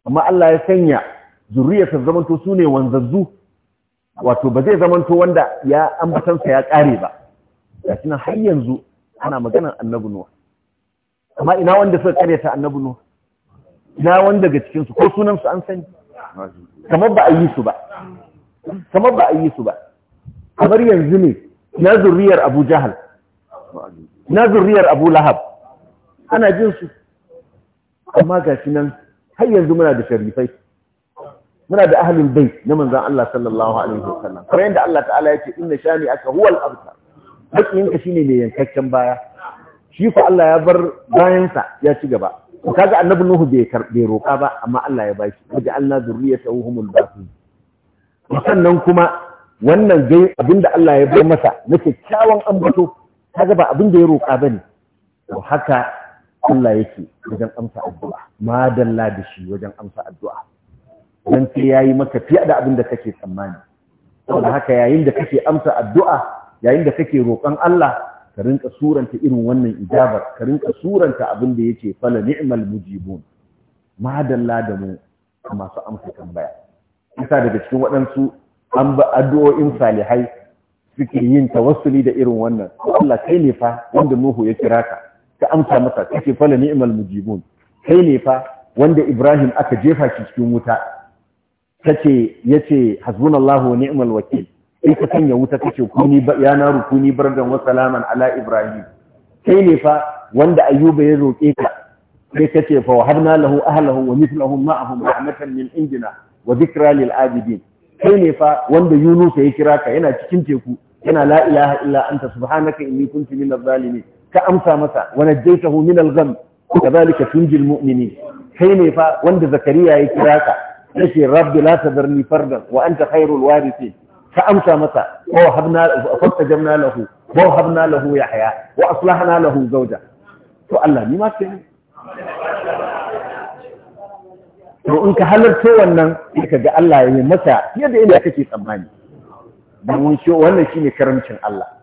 amma Allah ya sanya zuriyarsa su zamanto su ne wanzazzu wato ba zai zamanto wanda ya ambatansa ya kare ba shi nan har yanzu ana maganar annabi Nuhu amma ina wanda suka karyata annabi Nuhu ina wanda daga cikin su ko sunan su an sani kamar ba a yi su ba kamar ba a yi su ba kamar yanzu ne na zuriyar Abu Jahal na zurriyar abu lahab ana jin su amma ga shi nan har yanzu muna da sharifai muna da ahalin bai na manzon Allah sallallahu alaihi wasallam kuma yadda Allah ta'ala ina sha shani aka huwal abtar shi shine mai yankakken baya shi ku Allah ya bar bayansa ya ci gaba kaga annabi nuhu bai karbe roƙa ba amma Allah ya bashi waje Allah ta humul su. sannan kuma wannan gai abinda Allah ya bar masa na kyakkyawan ambato kaga ba abin da ya roƙa bane to haka Allah yake wajen amsa addu'a madalla da shi wajen amsa addu'a dan sai yayi maka fiye da abin da kake tsammani saboda haka yayin da kake amsa addu'a yayin da kake roƙon Allah ka rinka suranta irin wannan ijabar ka rinka suranta abin da yake fala ni'mal mujibun madalla da mu masu amsa tambaya isa daga cikin waɗansu an ba addu'o'in salihai suke yin tawassuli da irin wannan Allah kai ne fa wanda Nuhu ya kira ka ka amsa masa kace fa la ni'mal mujibun kai ne fa wanda Ibrahim aka jefa shi cikin wuta kace yace hasbunallahu wa ni'mal wakil sai ka sanya wuta kace kuni ya naru kuni bardan wa salaman ala Ibrahim kai ne fa wanda Ayyuba ya roke ka sai kace fa wahabna lahu ahlahu wa mithluhum ma'ahum rahmatan min indina wa dhikra lil abidin kai ne fa wanda Yunus ya kira ka yana cikin teku yana la ilaha illa anta subhanaka inni kuntu minaz zalimin ka amsa masa wani wa najaytahu minal gham kadhalika tunjil mu'minin kai ne fa wanda zakariya ya kira ka yace rabbi la tadarni fardan wa anta khairul warithin ka amsa masa wa habna fastajabna lahu wa habna lahu yahya wa aslahna lahu zawja to Allah ni ma sai to in ka halarta wannan sai ka ga Allah ya yi masa fiye yadda ina kake tsammani domin wannan ne karamcin Allah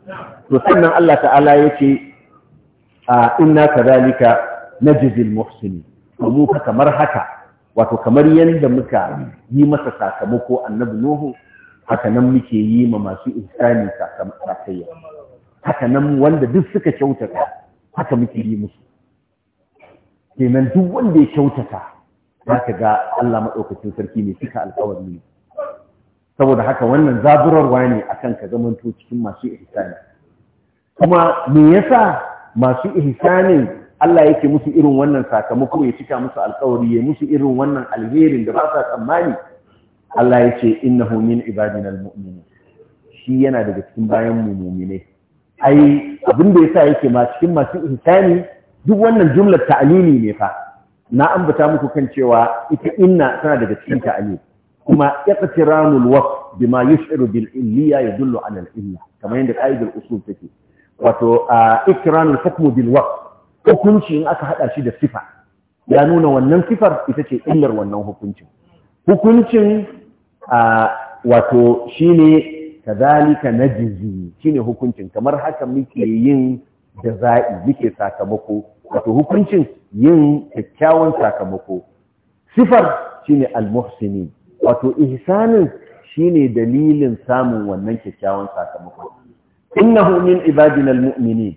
to sannan Allah ta'ala ya a inna na jizil muhsinin mu fa kamar haka wato kamar yadda muka yi masa sakamako annabi nuhu haka nan muke yi ma masu insani sakamako haka nan wanda duk suka kyautata haka muke yi musu kenan duk wanda ya kyautata za ka ga Allah maɗaukacin sarki ne suka ne saboda haka wannan zaburarwa ne akan ka zamanto cikin masu ihsani kuma me yasa masu ihsanin Allah yake musu irin wannan sakamako ya cika musu alƙawari ya musu irin wannan alherin da ba sa tsammani Allah ya ce innahu min ibadina almu'minin shi yana daga cikin bayan mu mu'mine ai abin da yasa yake ma cikin masu ihsani duk wannan jumlar ta'alili ne fa na ambata muku kan cewa ita inna tana daga cikin ta'alili kuma iqtiranul Wak bima yush'iru bil illiya yadullu ala al illa kamar yadda qaidul usul take wato iqtiranul hukmu bil waqf hukunci in aka hada shi da sifa ya nuna wannan sifar ita ce illar wannan hukuncin hukuncin wato shine kadhalika najzi shine hukuncin kamar haka muke yin jaza'i muke sakamako wato hukuncin yin kyakkyawan sakamako sifar shine al-muhsinin wato ihsanin shine dalilin samun wannan kyakkyawan sakamako innahu min ibadina almu'minin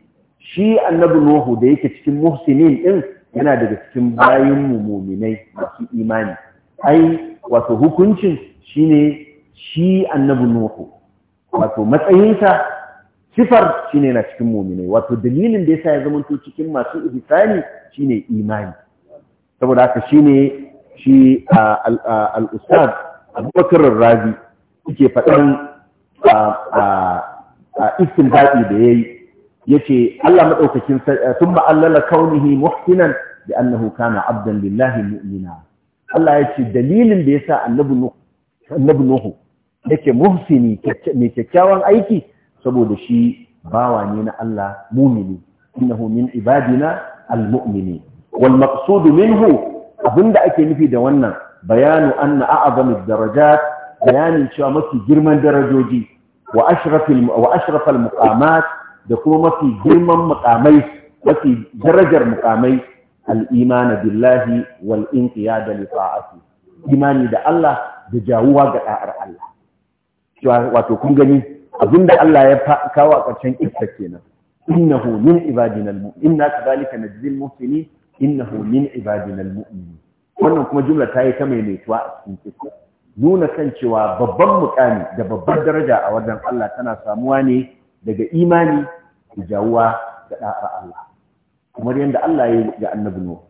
shi annabi nuhu da yake cikin muhsinin din yana daga cikin bayin mu mu'minai masu imani ai wato hukuncin shine shi annabi nuhu wato matsayinsa sifar shine na cikin mu'minai wato dalilin da yasa ya zamanto cikin masu ihsani shine imani saboda haka shine shi al'ustad abubakar razi suke faɗin iskin zaɓi da ya yi ya ce Allah maɗaukakin sun ma'allala kaunihi muhsinan da annahu kana abdan lillahi mu'mina Allah ya ce dalilin da ya sa annabi Nuhu yake muhsini mai kyakkyawan aiki saboda shi bawa ne na Allah mumini innahu min ibadina al-mu'mini wal maqsudu minhu abinda ake nufi da wannan bayanu anna a'zamu darajat bayanin cewa mafi girman darajoji wa ashrafil wa ashrafal muqamat da kuma mafi girman muqamai mafi darajar muqamai al-iman billahi wal inqiyad li ta'ati imani da Allah da jawuwa ga da'ar Allah wato kun gani abinda Allah ya kawo a ƙarshen kissa kenan innahu min ibadina al-mu'min inna kadhalika najzil muhsinin innahu min ibadina almu'minin wannan kuma jumla ta yi ta tuwa a cikin kisa nuna kan cewa babban mukami da babbar daraja a wajen Allah tana samuwa ne daga imani da jawuwa da da'ar Allah kamar yadda Allah ya yi ga annabi Nuh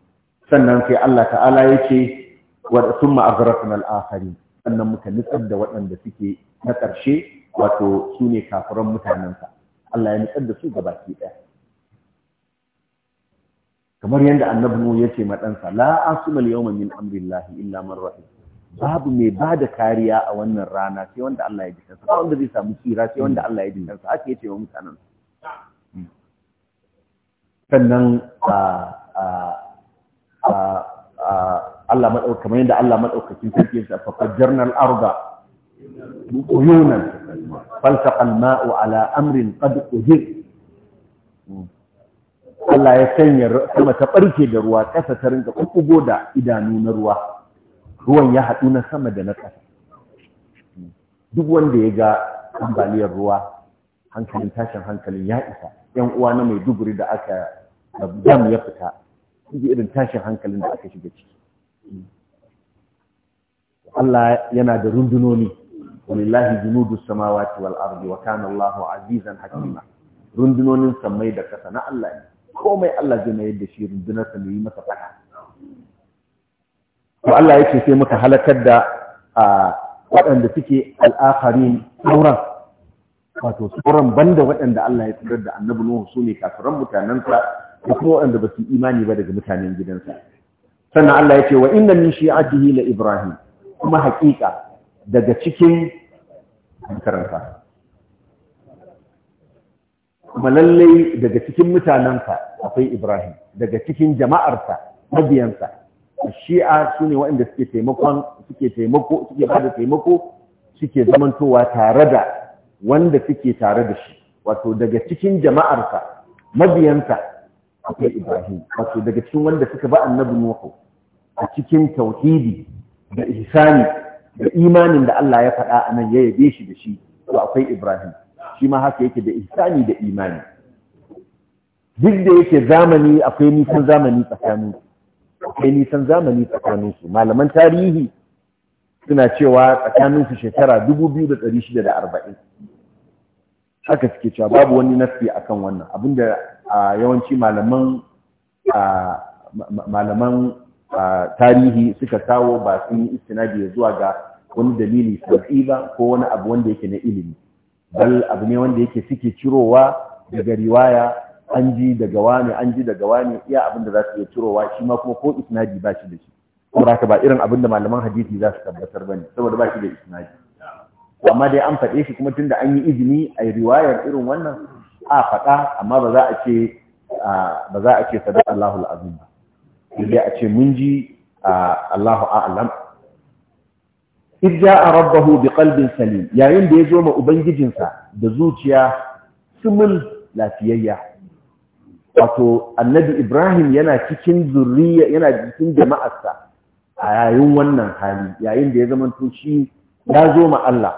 sannan sai Allah ta'ala ya ce wa thumma aghraqna al sannan muka nutsar da waɗanda suke na ƙarshe wato su ne kafiran mutanensa Allah ya nutsar da su gabaki ɗaya kamar yadda annabi ya ce maɗansa la asuma yawma min amrillahi illa man rahim babu mai ba da kariya a wannan rana sai wanda Allah ya ji ba wanda zai samu tsira sai wanda Allah ya ji ake ce wa mutanen sannan Allah madau kamar yadda Allah madaukakin sarki ya fa fajjarnal arda uyunan falsaqa al-ma'u ala amrin qad qudira Allah ya sanya sama ta ɓarke da ruwa ƙasa ta rinka ƙuƙugo da idanu na ruwa ruwan ya haɗu na sama da na ƙasa duk wanda ya ga ambaliyar ruwa hankalin tashin hankalin ya isa yan uwa na mai duburi da aka dam ya fita ji irin tashin hankalin da aka shiga ciki Allah yana da rundunoni walillahi junudu samawati wal ardi wa kana Allahu azizan hakima rundunonin sammai da ƙasa na Allah ne komai Allah zai mayar da shi rundunar sa yi masa faɗa. to Allah ya ce sai muka halakar da waɗanda suke al’akarin sauran wato sauran banda waɗanda Allah ya tsirar da annabi Nuhu su ne kafiran mutanensa da kuma waɗanda ba su imani ba daga mutanen gidansa sannan Allah ya ce wa inna min shi'atihi la Ibrahim kuma haƙiƙa daga cikin karanta kuma lallai daga cikin mutanensa akwai Ibrahim daga cikin jama'arsa mabiyansa shi'a su ne waɗanda suke taimakon suke taimako suke ba da taimako suke zamantowa tare da wanda suke tare da shi wato daga cikin jama'arsa mabiyansa akwai Ibrahim wato daga cikin wanda suka ba annabi Nuhu a cikin tauhidi da ihsani da imanin da Allah ya faɗa a nan ya yabe shi da shi to akwai Ibrahim shi ma haka yake da ihsani da imani duk da yake zamani akwai nisan zamani tsakanin akwai nisan zamani tsakanin su malaman tarihi suna cewa tsakanin su shekara arba'in. haka suke cewa babu wani nafi akan wannan abinda a yawanci malaman malaman tarihi suka kawo ba su yi istinadi zuwa ga wani dalili sauki ba ko wani abu wanda yake na ilimi bal abu ne wanda yake suke cirowa daga riwaya an ji daga wani an ji daga wani iya abin da za su iya turowa. shi ma kuma ko isnadi ba shi da shi saboda haka ba irin abin da malaman hadisi za su tabbatar ba ne saboda ba shi da isnadi amma dai an faɗe shi kuma tunda an yi izini a riwayar irin wannan a faɗa amma ba za a ce ba za a ce sadar Allahul azim ba sai a ce mun ji Allahu a'lam إذ جاء ربه بقلب سليم يا يندي يزوم Ubangijinsa da سمل لا lafiyayya. wato annabi ibrahim yana cikin zurriya yana cikin jama'arsa a yayin wannan hali yayin da ya zama to shi ya zo ma Allah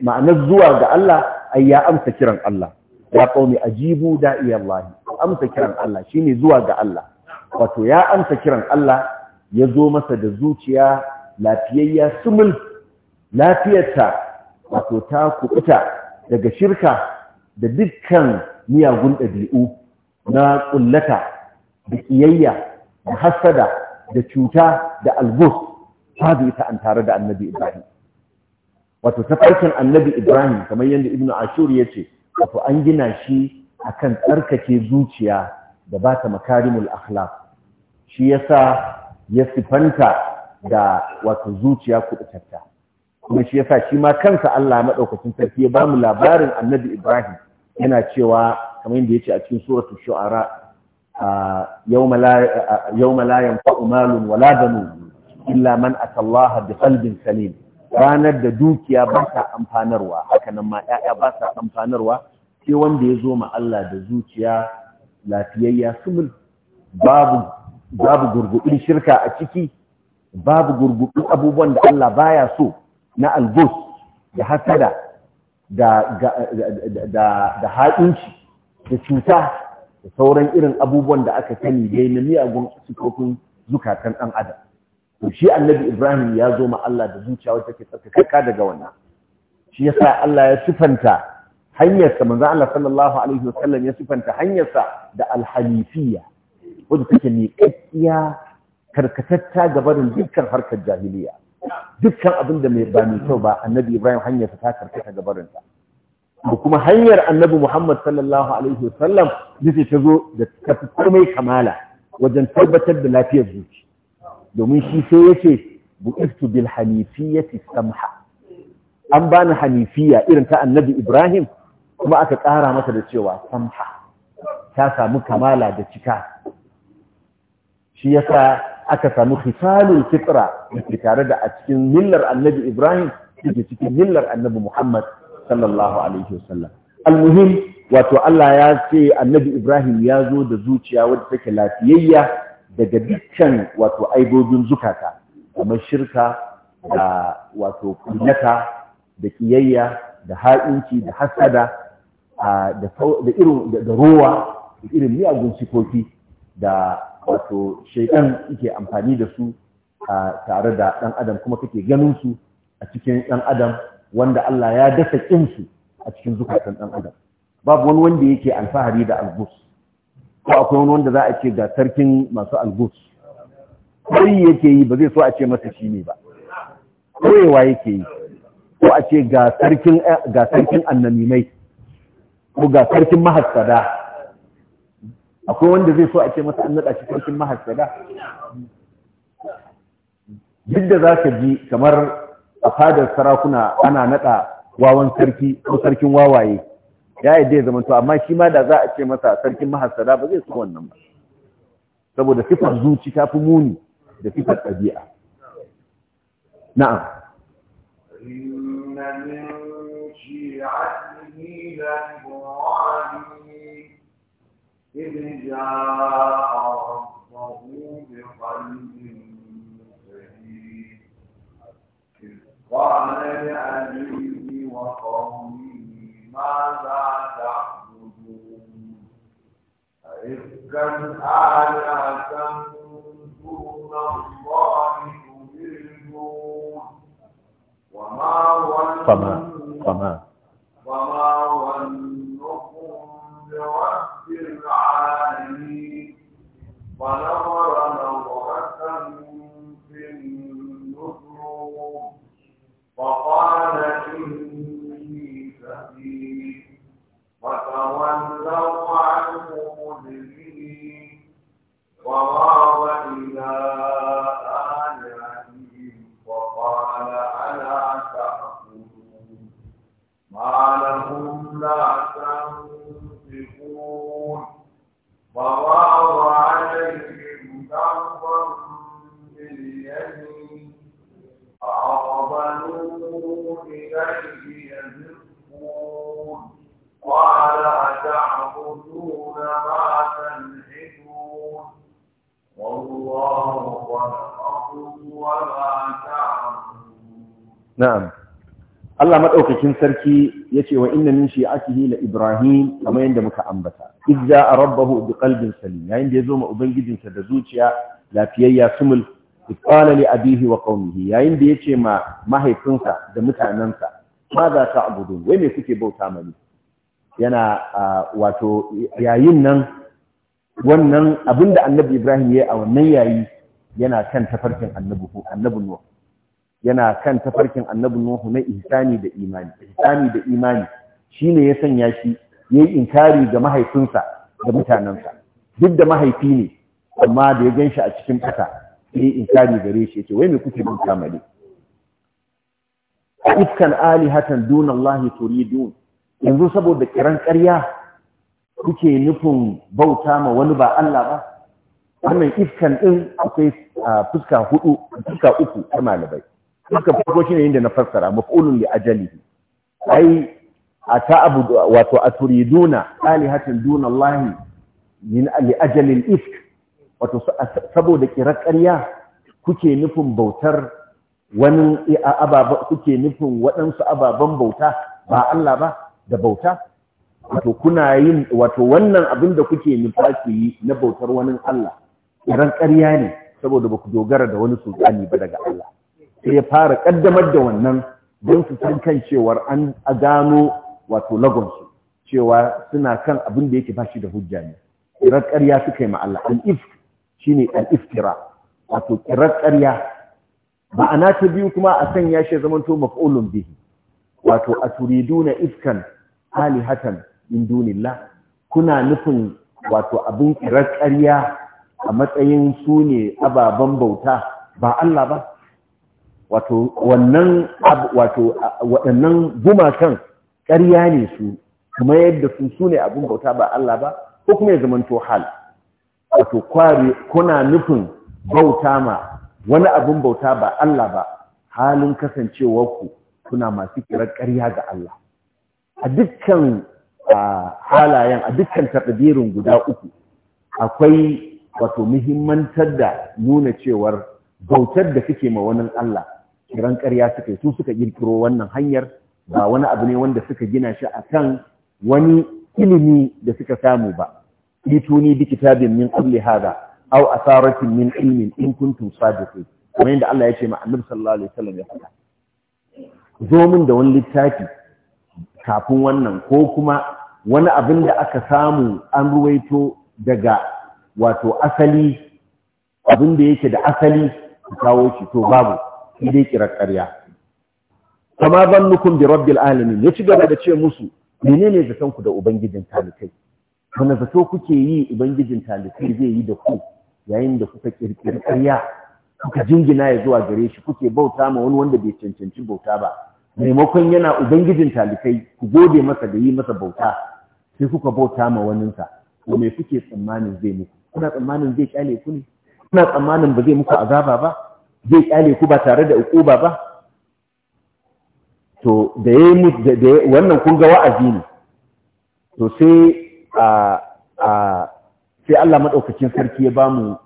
ma'anar zuwa ga Allah ai ya amsa kiran Allah ya qaumi ajibu da'i Allah amsa kiran Allah shine zuwa ga Allah wato ya amsa kiran Allah ya zo masa da zuciya lafiyayya sumul lafiyarta wato ta kubuta daga shirka da dukkan miyagun ɗabi'u na kullata da kiyayya da hasada da cuta da algus babu ita an tare da annabi ibrahim wato tafarkin annabi ibrahim kamar yadda ibnu ashur ya ce wato an gina shi akan tsarkake zuciya da ba ta makarimul akhlaq shi yasa ya sifanta da wato zuciya kudutatta kuma shi yasa shi ma kansa Allah madaukakin sarki ya bamu labarin annabi ibrahim yana cewa kamar yadda ce a cikin suratul shu'ara yawma la yawma yanfa'u malun wala banun illa man atallaha bi qalbin salim ranar da dukiya ba ta amfanarwa haka nan ma ƴaƴa ba sa amfanarwa sai wanda ya zo ma Allah da zuciya lafiyayya sumul babu babu gurgudin shirka a ciki babu gurgudin abubuwan da Allah baya so na algus da hasada da da da, da, da, da ha'inci da cuta da sauran irin abubuwan da aka sani dai na miyagun sukofin zukatan ɗan adam to shi annabi ibrahim ya zo ma Allah da zuciya wacce ke tsarkaka daga wannan shi yasa Allah ya sifanta hanyarsa manzo Allah sallallahu alaihi wasallam ya sifanta hanyarsa da alhanifiyya wanda take miƙaƙƙiya karkatatta ga barin dukkan harkar jahiliya dukkan abin da mai ba mai kyau ba annabi ibrahim hanyarsa ta karkata ga ta. da kuma hanyar annabi Muhammad sallallahu alaihi wasallam zai ta zo da tafi komai kamala wajen tabbatar da lafiyar zuci domin shi sai yace bu'istu bil hanifiyati samha an bani hanifiya irin ta annabi Ibrahim kuma aka ƙara masa da cewa samha ta samu kamala da cika shi yasa aka samu hisalun fitra da tare da a cikin millar annabi Ibrahim da cikin millar annabi Muhammad sallallahu alaihi wasallam almuhim wato Allah ya ce annabi Ibrahim ya zo da zuciya wadda take lafiyayya daga dukkan wato aibobin zukata kamar shirka da wato kunyata da kiyayya da ha'inci da hasada da irin da rowa da irin miyagun sifofi da wato shaidan yake amfani da su tare da ɗan adam kuma kake ganin su a cikin ɗan adam wanda Allah ya dasa ƙinsu a cikin zukatan ɗan adam babu wani wanda yake alfahari da algus ko akwai wani wanda za a ce ga sarkin masu algus kwari yake yi ba zai so a ce masa shi ne ba koyewa yake yi ko a ce ga sarkin annamimai ko ga sarkin mahassada akwai wanda zai so a ce masa an naɗa shi sarkin mahassada duk da za ka ji kamar a fadar sarakuna ana naɗa wawan sarki ko sarkin wawaye ya yadda ya zamanta amma shi ma da za a ce masa sarkin mahassara ba zai so wannan ba saboda sifar zuci ta fi muni da sifar ɗabi'a na'am إذ جاء ربه بقلب وعلى أبيه وقومه ماذا تعبدون أئفكا آلهة دون الله تضلون وما ظننتم na'am Allah madaukakin sarki ya ce wa shi min ake hila Ibrahim kamar yadda muka ambata a rabbahu bi qalbin salim yayin da zo ma ubangijinsa da zuciya lafiyayya sumul qala li abihi wa qaumihi yayin da yace ma mahaifinsa da mutanansa ma za ta abudu wai me kuke bauta mani yana wato yayin nan wannan abinda annabi Ibrahim ya yi a wannan yayi yana kan tafarkin annabi annabi Nuh yana kan tafarkin annabi Nuhu na ihsani da imani ihsani da imani shine ya sanya shi yayi inkari ga mahaifinsa da mutanansa duk da mahaifi ne amma da ya ganshi a cikin fata yayi inkari gare shi yace wai me kuke bin kamale ifkan alihatan dun Allah turidun yanzu saboda kiran ƙarya kuke nufin bauta ma wani ba Allah ba wannan ifkan din akwai ah, fuska hudu fuska uku ta malamai suka farko shine inda na fassara maf'ulun li ajalihi ai abu wato aturiduna alihatin duna Allah min li ajali ifk wato saboda kirar ƙarya kuke nufin bautar wani ababa kuke nufin waɗansu ababen bauta ba Allah ba da bauta wato kuna yin wato wannan abin da kuke nufa ke yi na bautar wani Allah ƙirar ƙarya ne saboda ba ku dogara da wani sultani ba daga Allah sai ya fara kaddamar da wannan don su san kan cewar an a gano wato lagonsu cewa suna kan abin da yake bashi da hujja ne kirar ƙarya suka yi ma'ala, al'if shi ne shine kira wato kirar ƙarya ma'ana ta biyu kuma a sanya shi zama to mafi'ulun bihi wato a iskan ifkan alihatan min dunillah kuna nufin wato abin kirar ƙarya a matsayin su ne ababen bauta ba Allah ba wato wannan wato waɗannan gumakan ƙarya ne su kuma yadda su su ne abin bauta ba Allah ba ko kuma ya zamanto hal wato kware kuna nufin bauta ma wani abin bauta ba Allah ba halin ku kuna masu kirar ƙarya ga Allah a dukkan halayen a dukkan takdirin guda uku akwai wato muhimmantar da nuna cewar bautar da kake ma wani Allah kiran ƙarya suka yi su suka kirkiro wannan hanyar ba wani abu ne wanda suka gina shi akan wani ilimi da suka samu ba ituni bi kitabin min qabli hada aw asaratin min ilmin in kuntum sadiqin kamar yadda Allah ya ce ma Annabi sallallahu alaihi wasallam ya faɗa zo min da wani littafi kafin wannan ko kuma wani abin da aka samu an ruwaito daga wato asali abin da yake da asali ku kawo shi to babu sai dai kirar ƙarya kama nukun bi rabbil alamin ya ci gaba da ce musu menene zaton ku da ubangijin talikai wane zato kuke yi ubangijin talikai zai yi da ku yayin da kuka kirkiri ƙarya kuka jingina ya zuwa gare shi kuke bauta ma wani wanda bai cancanci bauta ba maimakon yana ubangijin talikai ku gode masa da yi masa bauta sai kuka bauta ma waninsa ko me kuke tsammanin zai muku kuna tsammanin zai kyale ku ne kuna tsammanin ba zai muku azaba ba zai kyale ku ba tare da ukuba ba to da ya wannan kun ga wa'azi ne to sai a sai Allah madaukakin sarki ya bamu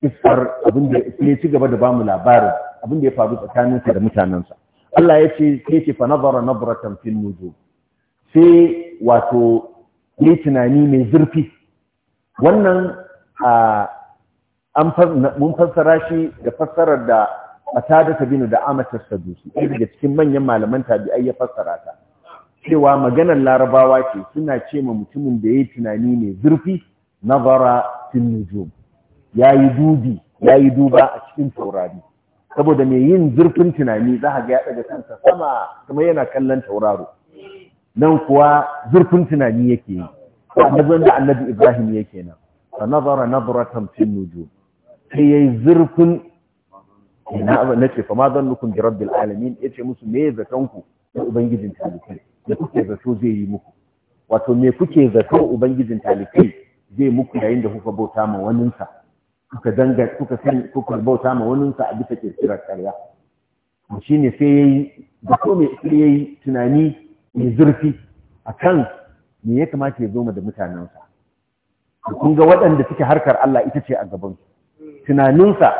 iskar abin da ya ci gaba da bamu labarin abin da ya faru tsakaninsa da mutanensa Allah ya ce sai ce fa nazara nabratan fil nujum sai wato yi tunani mai zurfi wannan a mun fassara shi da fassarar da Qatada bin da Amatar Sadusi ɗaya daga cikin manyan malaman tabi'ai ya fassara ta cewa maganar larabawa ce suna ce ma mutumin da yayi tunani mai zurfi nazara fil nujum yayi dubi yayi duba a cikin taurari saboda mai yin zurfin tunani za a ga ya daga kansa sama kuma yana kallon tauraro nan kuwa zurfin tunani yake yi annabin da annabi Ibrahim yake nan fa nazara nazratan fil nujum sai yayi zurfin ina na ce fa ma zannukum bi rabbil alamin Ya ce musu me zaton ku da ubangijin talikai da kuke zato zai yi muku wato me kuke zato ubangijin talikai zai muku yayin da kuka bauta ma waninsa kuka danga kuka san kuka bauta ma waninsa a bisa kirkirar karya to shine sai yayi zato me sai yi tunani mai zurfi akan me ya kamata ya zo da mutanensa kun ga waɗanda suke harkar Allah ita ce a gabansu tunaninsa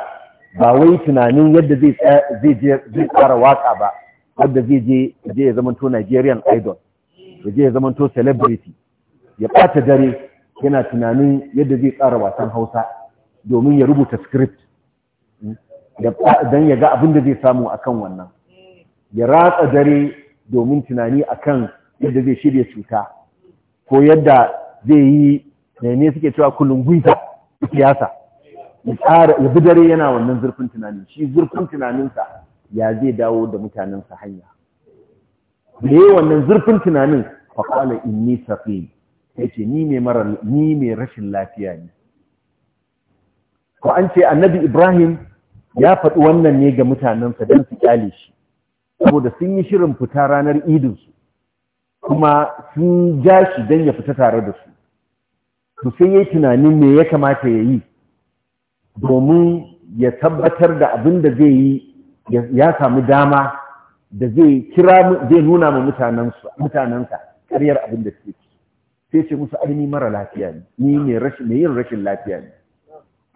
ba wai tunanin yadda zai tsara waka ba wadda zai je ya zamanto Nigerian idol ya je ya zamanto celebrity ya ɓata dare yana tunanin yadda zai tsara wasan hausa domin ya rubuta script hmm, don ya ga abin da zai samu akan wannan ya ratsa dare domin tunani akan yadda zai shirya cuta ko yadda zai yi ne suke cewa kulungunta siyasa ya bi dare yana wannan zurfin tunanin shi zurfin tunaninsa ya zai dawo da mutanensa hanya da yi wannan zurfin tunanin faƙala in ni safi ya ce ni mai rashin lafiya ne ko an ce annabi ibrahim ya faɗi wannan ne ga mutanensa don su kyale shi saboda sun yi shirin fita ranar idinsu kuma sun ja shi don ya fita tare da su to sai ya yi tunanin me ya kamata ya yi domin ya tabbatar da abin da zai yi ya samu dama da zai kira zai nuna ma mutanensa karyar abin da suke ci sai ce musu aini mara lafiya ne ni mai yin rashin lafiya ne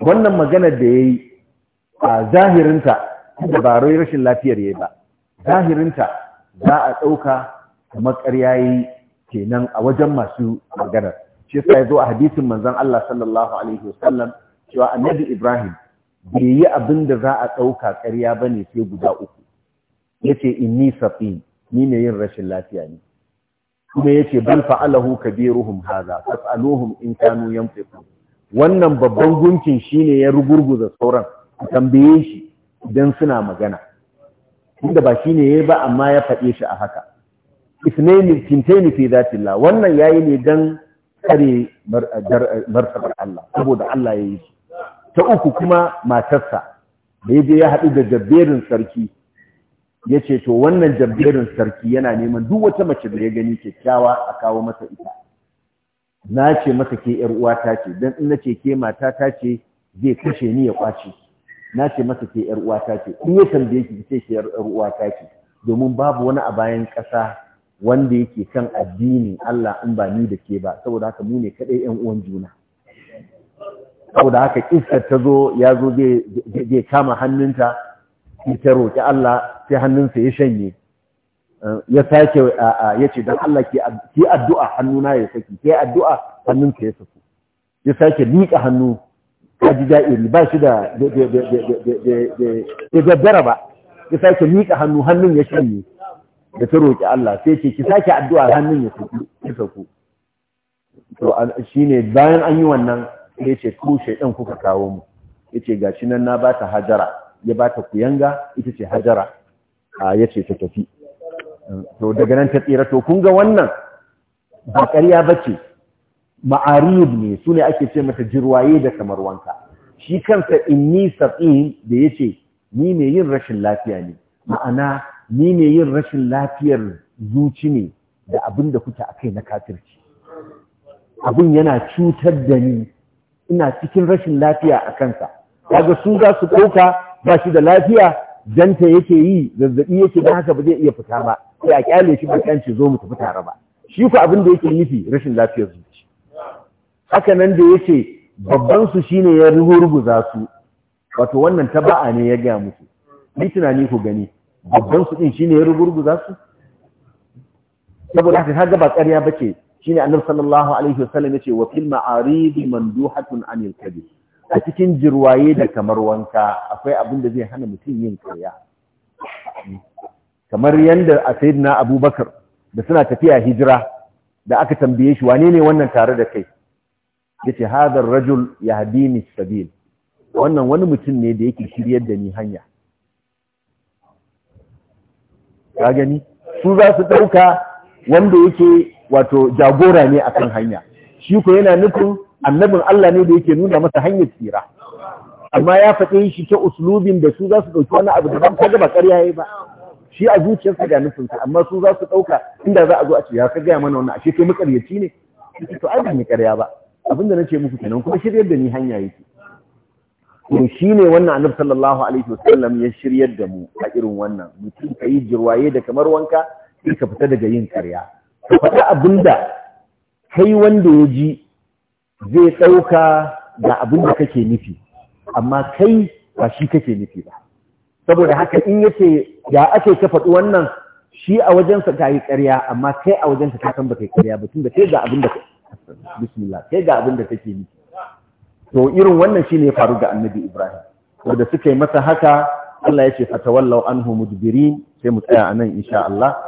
wannan maganar da ya yi a zahirinta da ba rashin lafiyar ya yi ba zahirinta za a ɗauka kamar ƙarya yi kenan a wajen masu maganar shi ya zo a hadisin manzan Allah sallallahu alaihi wasallam cewa annabi Ibrahim bai yi abin da za a ɗauka ƙarya ba ne sai guda uku. Ya ce, ni safi, ni ne yin rashin lafiya ne. Kuma ya ce, Bal fa'alahu kabiruhum haza, fas'aluhum in kanu yamfiqun. Wannan babban gunkin shi ne ya rugurguza sauran, ku tambaye shi idan suna magana. Tunda ba shi ne ya ba amma ya faɗe shi a haka. Isnaini tintaini fi zatillah wannan yayi ne dan kare martabar Allah saboda Allah ya yi shi ta uku kuma matarsa da ya je ya haɗu da jabberin sarki ya ce to wannan jabberin sarki yana neman duk wata mace da ya gani kyakkyawa a kawo masa ita na ce masa ke ‘yar uwata ce don in na ce ke ta ce zai kashe ni ya kwace na ce masa ke ‘yar uwata ce in ya tambaye ki ce ke ‘yar uwata ce domin babu wani a bayan ƙasa wanda yake kan addinin Allah in ba ni da ke ba saboda haka mu ne kaɗai ‘yan uwan juna saboda haka iskar ta zo ya zo zai kama hannunta ta roƙi Allah sai hannunsa ya shanye ya sake ya ce don Allah ki addu'a hannuna ya saki ki addu'a hannunsa ya saku ya sake liƙa hannu a ji ja'iri ba shi da ya gaggara ba ya sake liƙa hannu hannun ya shanye da ta roƙi Allah sai ce ki sake addu'a hannun ya saku to shi ne bayan an yi wannan ya ce ku shaidan kuka kawo mu ya ce gashi nan na ba ta hajara ya ba ta kuyanga ita ce hajara a ya ce ta tafi to daga nan ta tsira to kun ga wannan ba ƙarya ba ce ma'arib ne su ne ake ce mata jirwaye da kamar wanka shi kansa in ni sab'in da ya ce ni ne yin rashin lafiya ne ma'ana ni ne yin rashin lafiyar zuci ne da abin da kuke a kai na kafirci abin yana cutar da ni ina cikin rashin lafiya a kansa kaga su za su ɗauka ba shi da lafiya janta yake yi zazzaɓi yake don haka ba zai iya fita ba sai a kyale shi kan zo mu tafi tare ba shi ku abin da yake nufi rashin lafiyar zuci haka nan da yace babban su shine ya ruguza su wato wannan taba'a ne ya ga musu ni tunani ku gani babban su din shine ya ruguza su saboda haka kaga ba ƙarya bace ne annabi sallallahu alaihi wasallam ce, wa fil ma'aridi manduhatun an kadhib a cikin jirwaye da kamar wanka akwai abin da zai hana mutum yin karya kamar yanda a sayyidina abubakar da suna tafiya hijira da aka tambaye shi wane ne wannan tare da kai ce, hadar rajul ya ni sabil wannan wani mutum ne da yake shiryar da ni hanya ka gani su za su ɗauka wanda yake wato jagora ne kan hanya shi ku yana nufin annabin Allah ne da yake nuna masa hanyar tsira amma ya faɗe shi ta uslubin da su za su ɗauki wani abu da ban kaga ba ƙarya yayi ba shi a zuciyarsa ga sa amma su za su ɗauka inda za a zo a ce ya ka gaya mana wannan ashe kai makaryaci ne to ai ban yi ƙarya ba abinda na ce muku kenan kuma shirya da ni hanya yake to ne wannan annabi sallallahu alaihi wasallam ya shiryar da mu a irin wannan mutum ka yi jirwaye da kamar wanka sai ka fita daga yin ƙarya ka faɗi abin da kai wanda ya ji zai ɗauka ga abin da kake nufi amma kai ba shi kake nufi ba saboda haka in yace ya ake ka faɗi wannan shi a wajensa ta yi ƙarya amma kai a wajensa ka san ba kai ƙarya ba tun da kai ga abin da bismillah kai ga abin da kake nufi to irin wannan shine ya faru ga annabi Ibrahim wanda suka yi masa haka Allah ya ce fatawallau anhu mudbirin sai mu tsaya anan insha Allah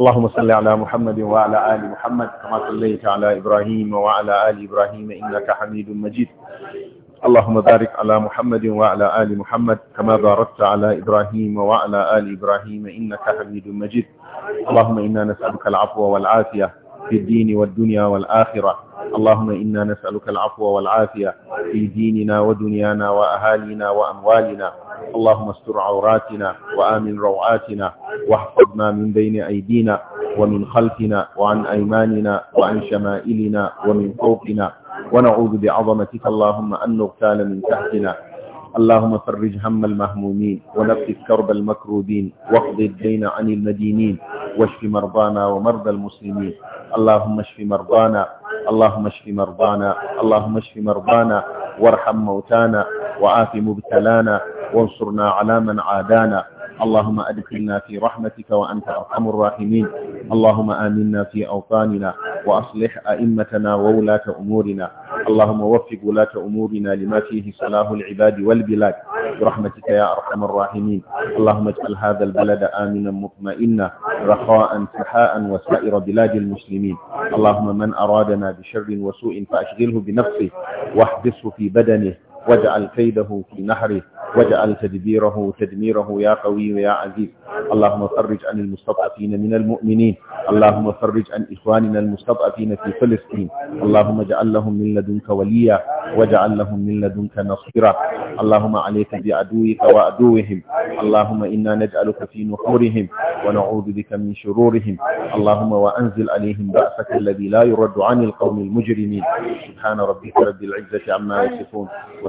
اللهم صل على محمد وعلى آل محمد كما صليت على إبراهيم وعلى آل إبراهيم إنك حميد مجيد اللهم بارك على محمد وعلى آل محمد كما باركت على إبراهيم وعلى آل إبراهيم إنك حميد مجيد اللهم إنا نسألك العفو والعافية في الدين والدنيا والآخرة اللهم إنا نسألك العفو والعافية في ديننا ودنيانا وأهالينا وأموالنا اللهم استر عوراتنا وآمن روعاتنا واحفظ ما من بين أيدينا ومن خلفنا وعن أيماننا وعن شمائلنا ومن فوقنا ونعوذ بعظمتك اللهم أن نغتال من تحتنا اللهم فرج هم المهمومين ونفس كرب المكروبين واقض الدين عن المدينين واشف مرضانا ومرضى المسلمين اللهم اشف مرضانا اللهم اشف مرضانا اللهم اشف مرضانا وارحم موتانا وعاف مبتلانا وانصرنا على من عادانا اللهم أدخلنا في رحمتك وأنت أرحم الراحمين اللهم آمنا في أوطاننا وأصلح أئمتنا وولاة أمورنا اللهم وفق ولاة أمورنا لما فيه صلاح العباد والبلاد برحمتك يا أرحم الراحمين اللهم اجعل هذا البلد آمنا مطمئنا رخاء سحاء وسائر بلاد المسلمين اللهم من أرادنا بشر وسوء فأشغله بنفسه واحبسه في بدنه واجعل كيده في نحره واجعل تدبيره تدميره يا قوي يا عزيز اللهم فرج عن المستضعفين من المؤمنين اللهم فرج عن إخواننا المستضعفين في فلسطين اللهم اجعل لهم من لدنك وليا واجعل لهم من لدنك نصيرا اللهم عليك بعدوك وعدوهم اللهم إنا نجعلك في نحورهم ونعوذ بك من شرورهم اللهم وأنزل عليهم بأسك الذي لا يرد عن القوم المجرمين سبحان ربك رب العزة عما يصفون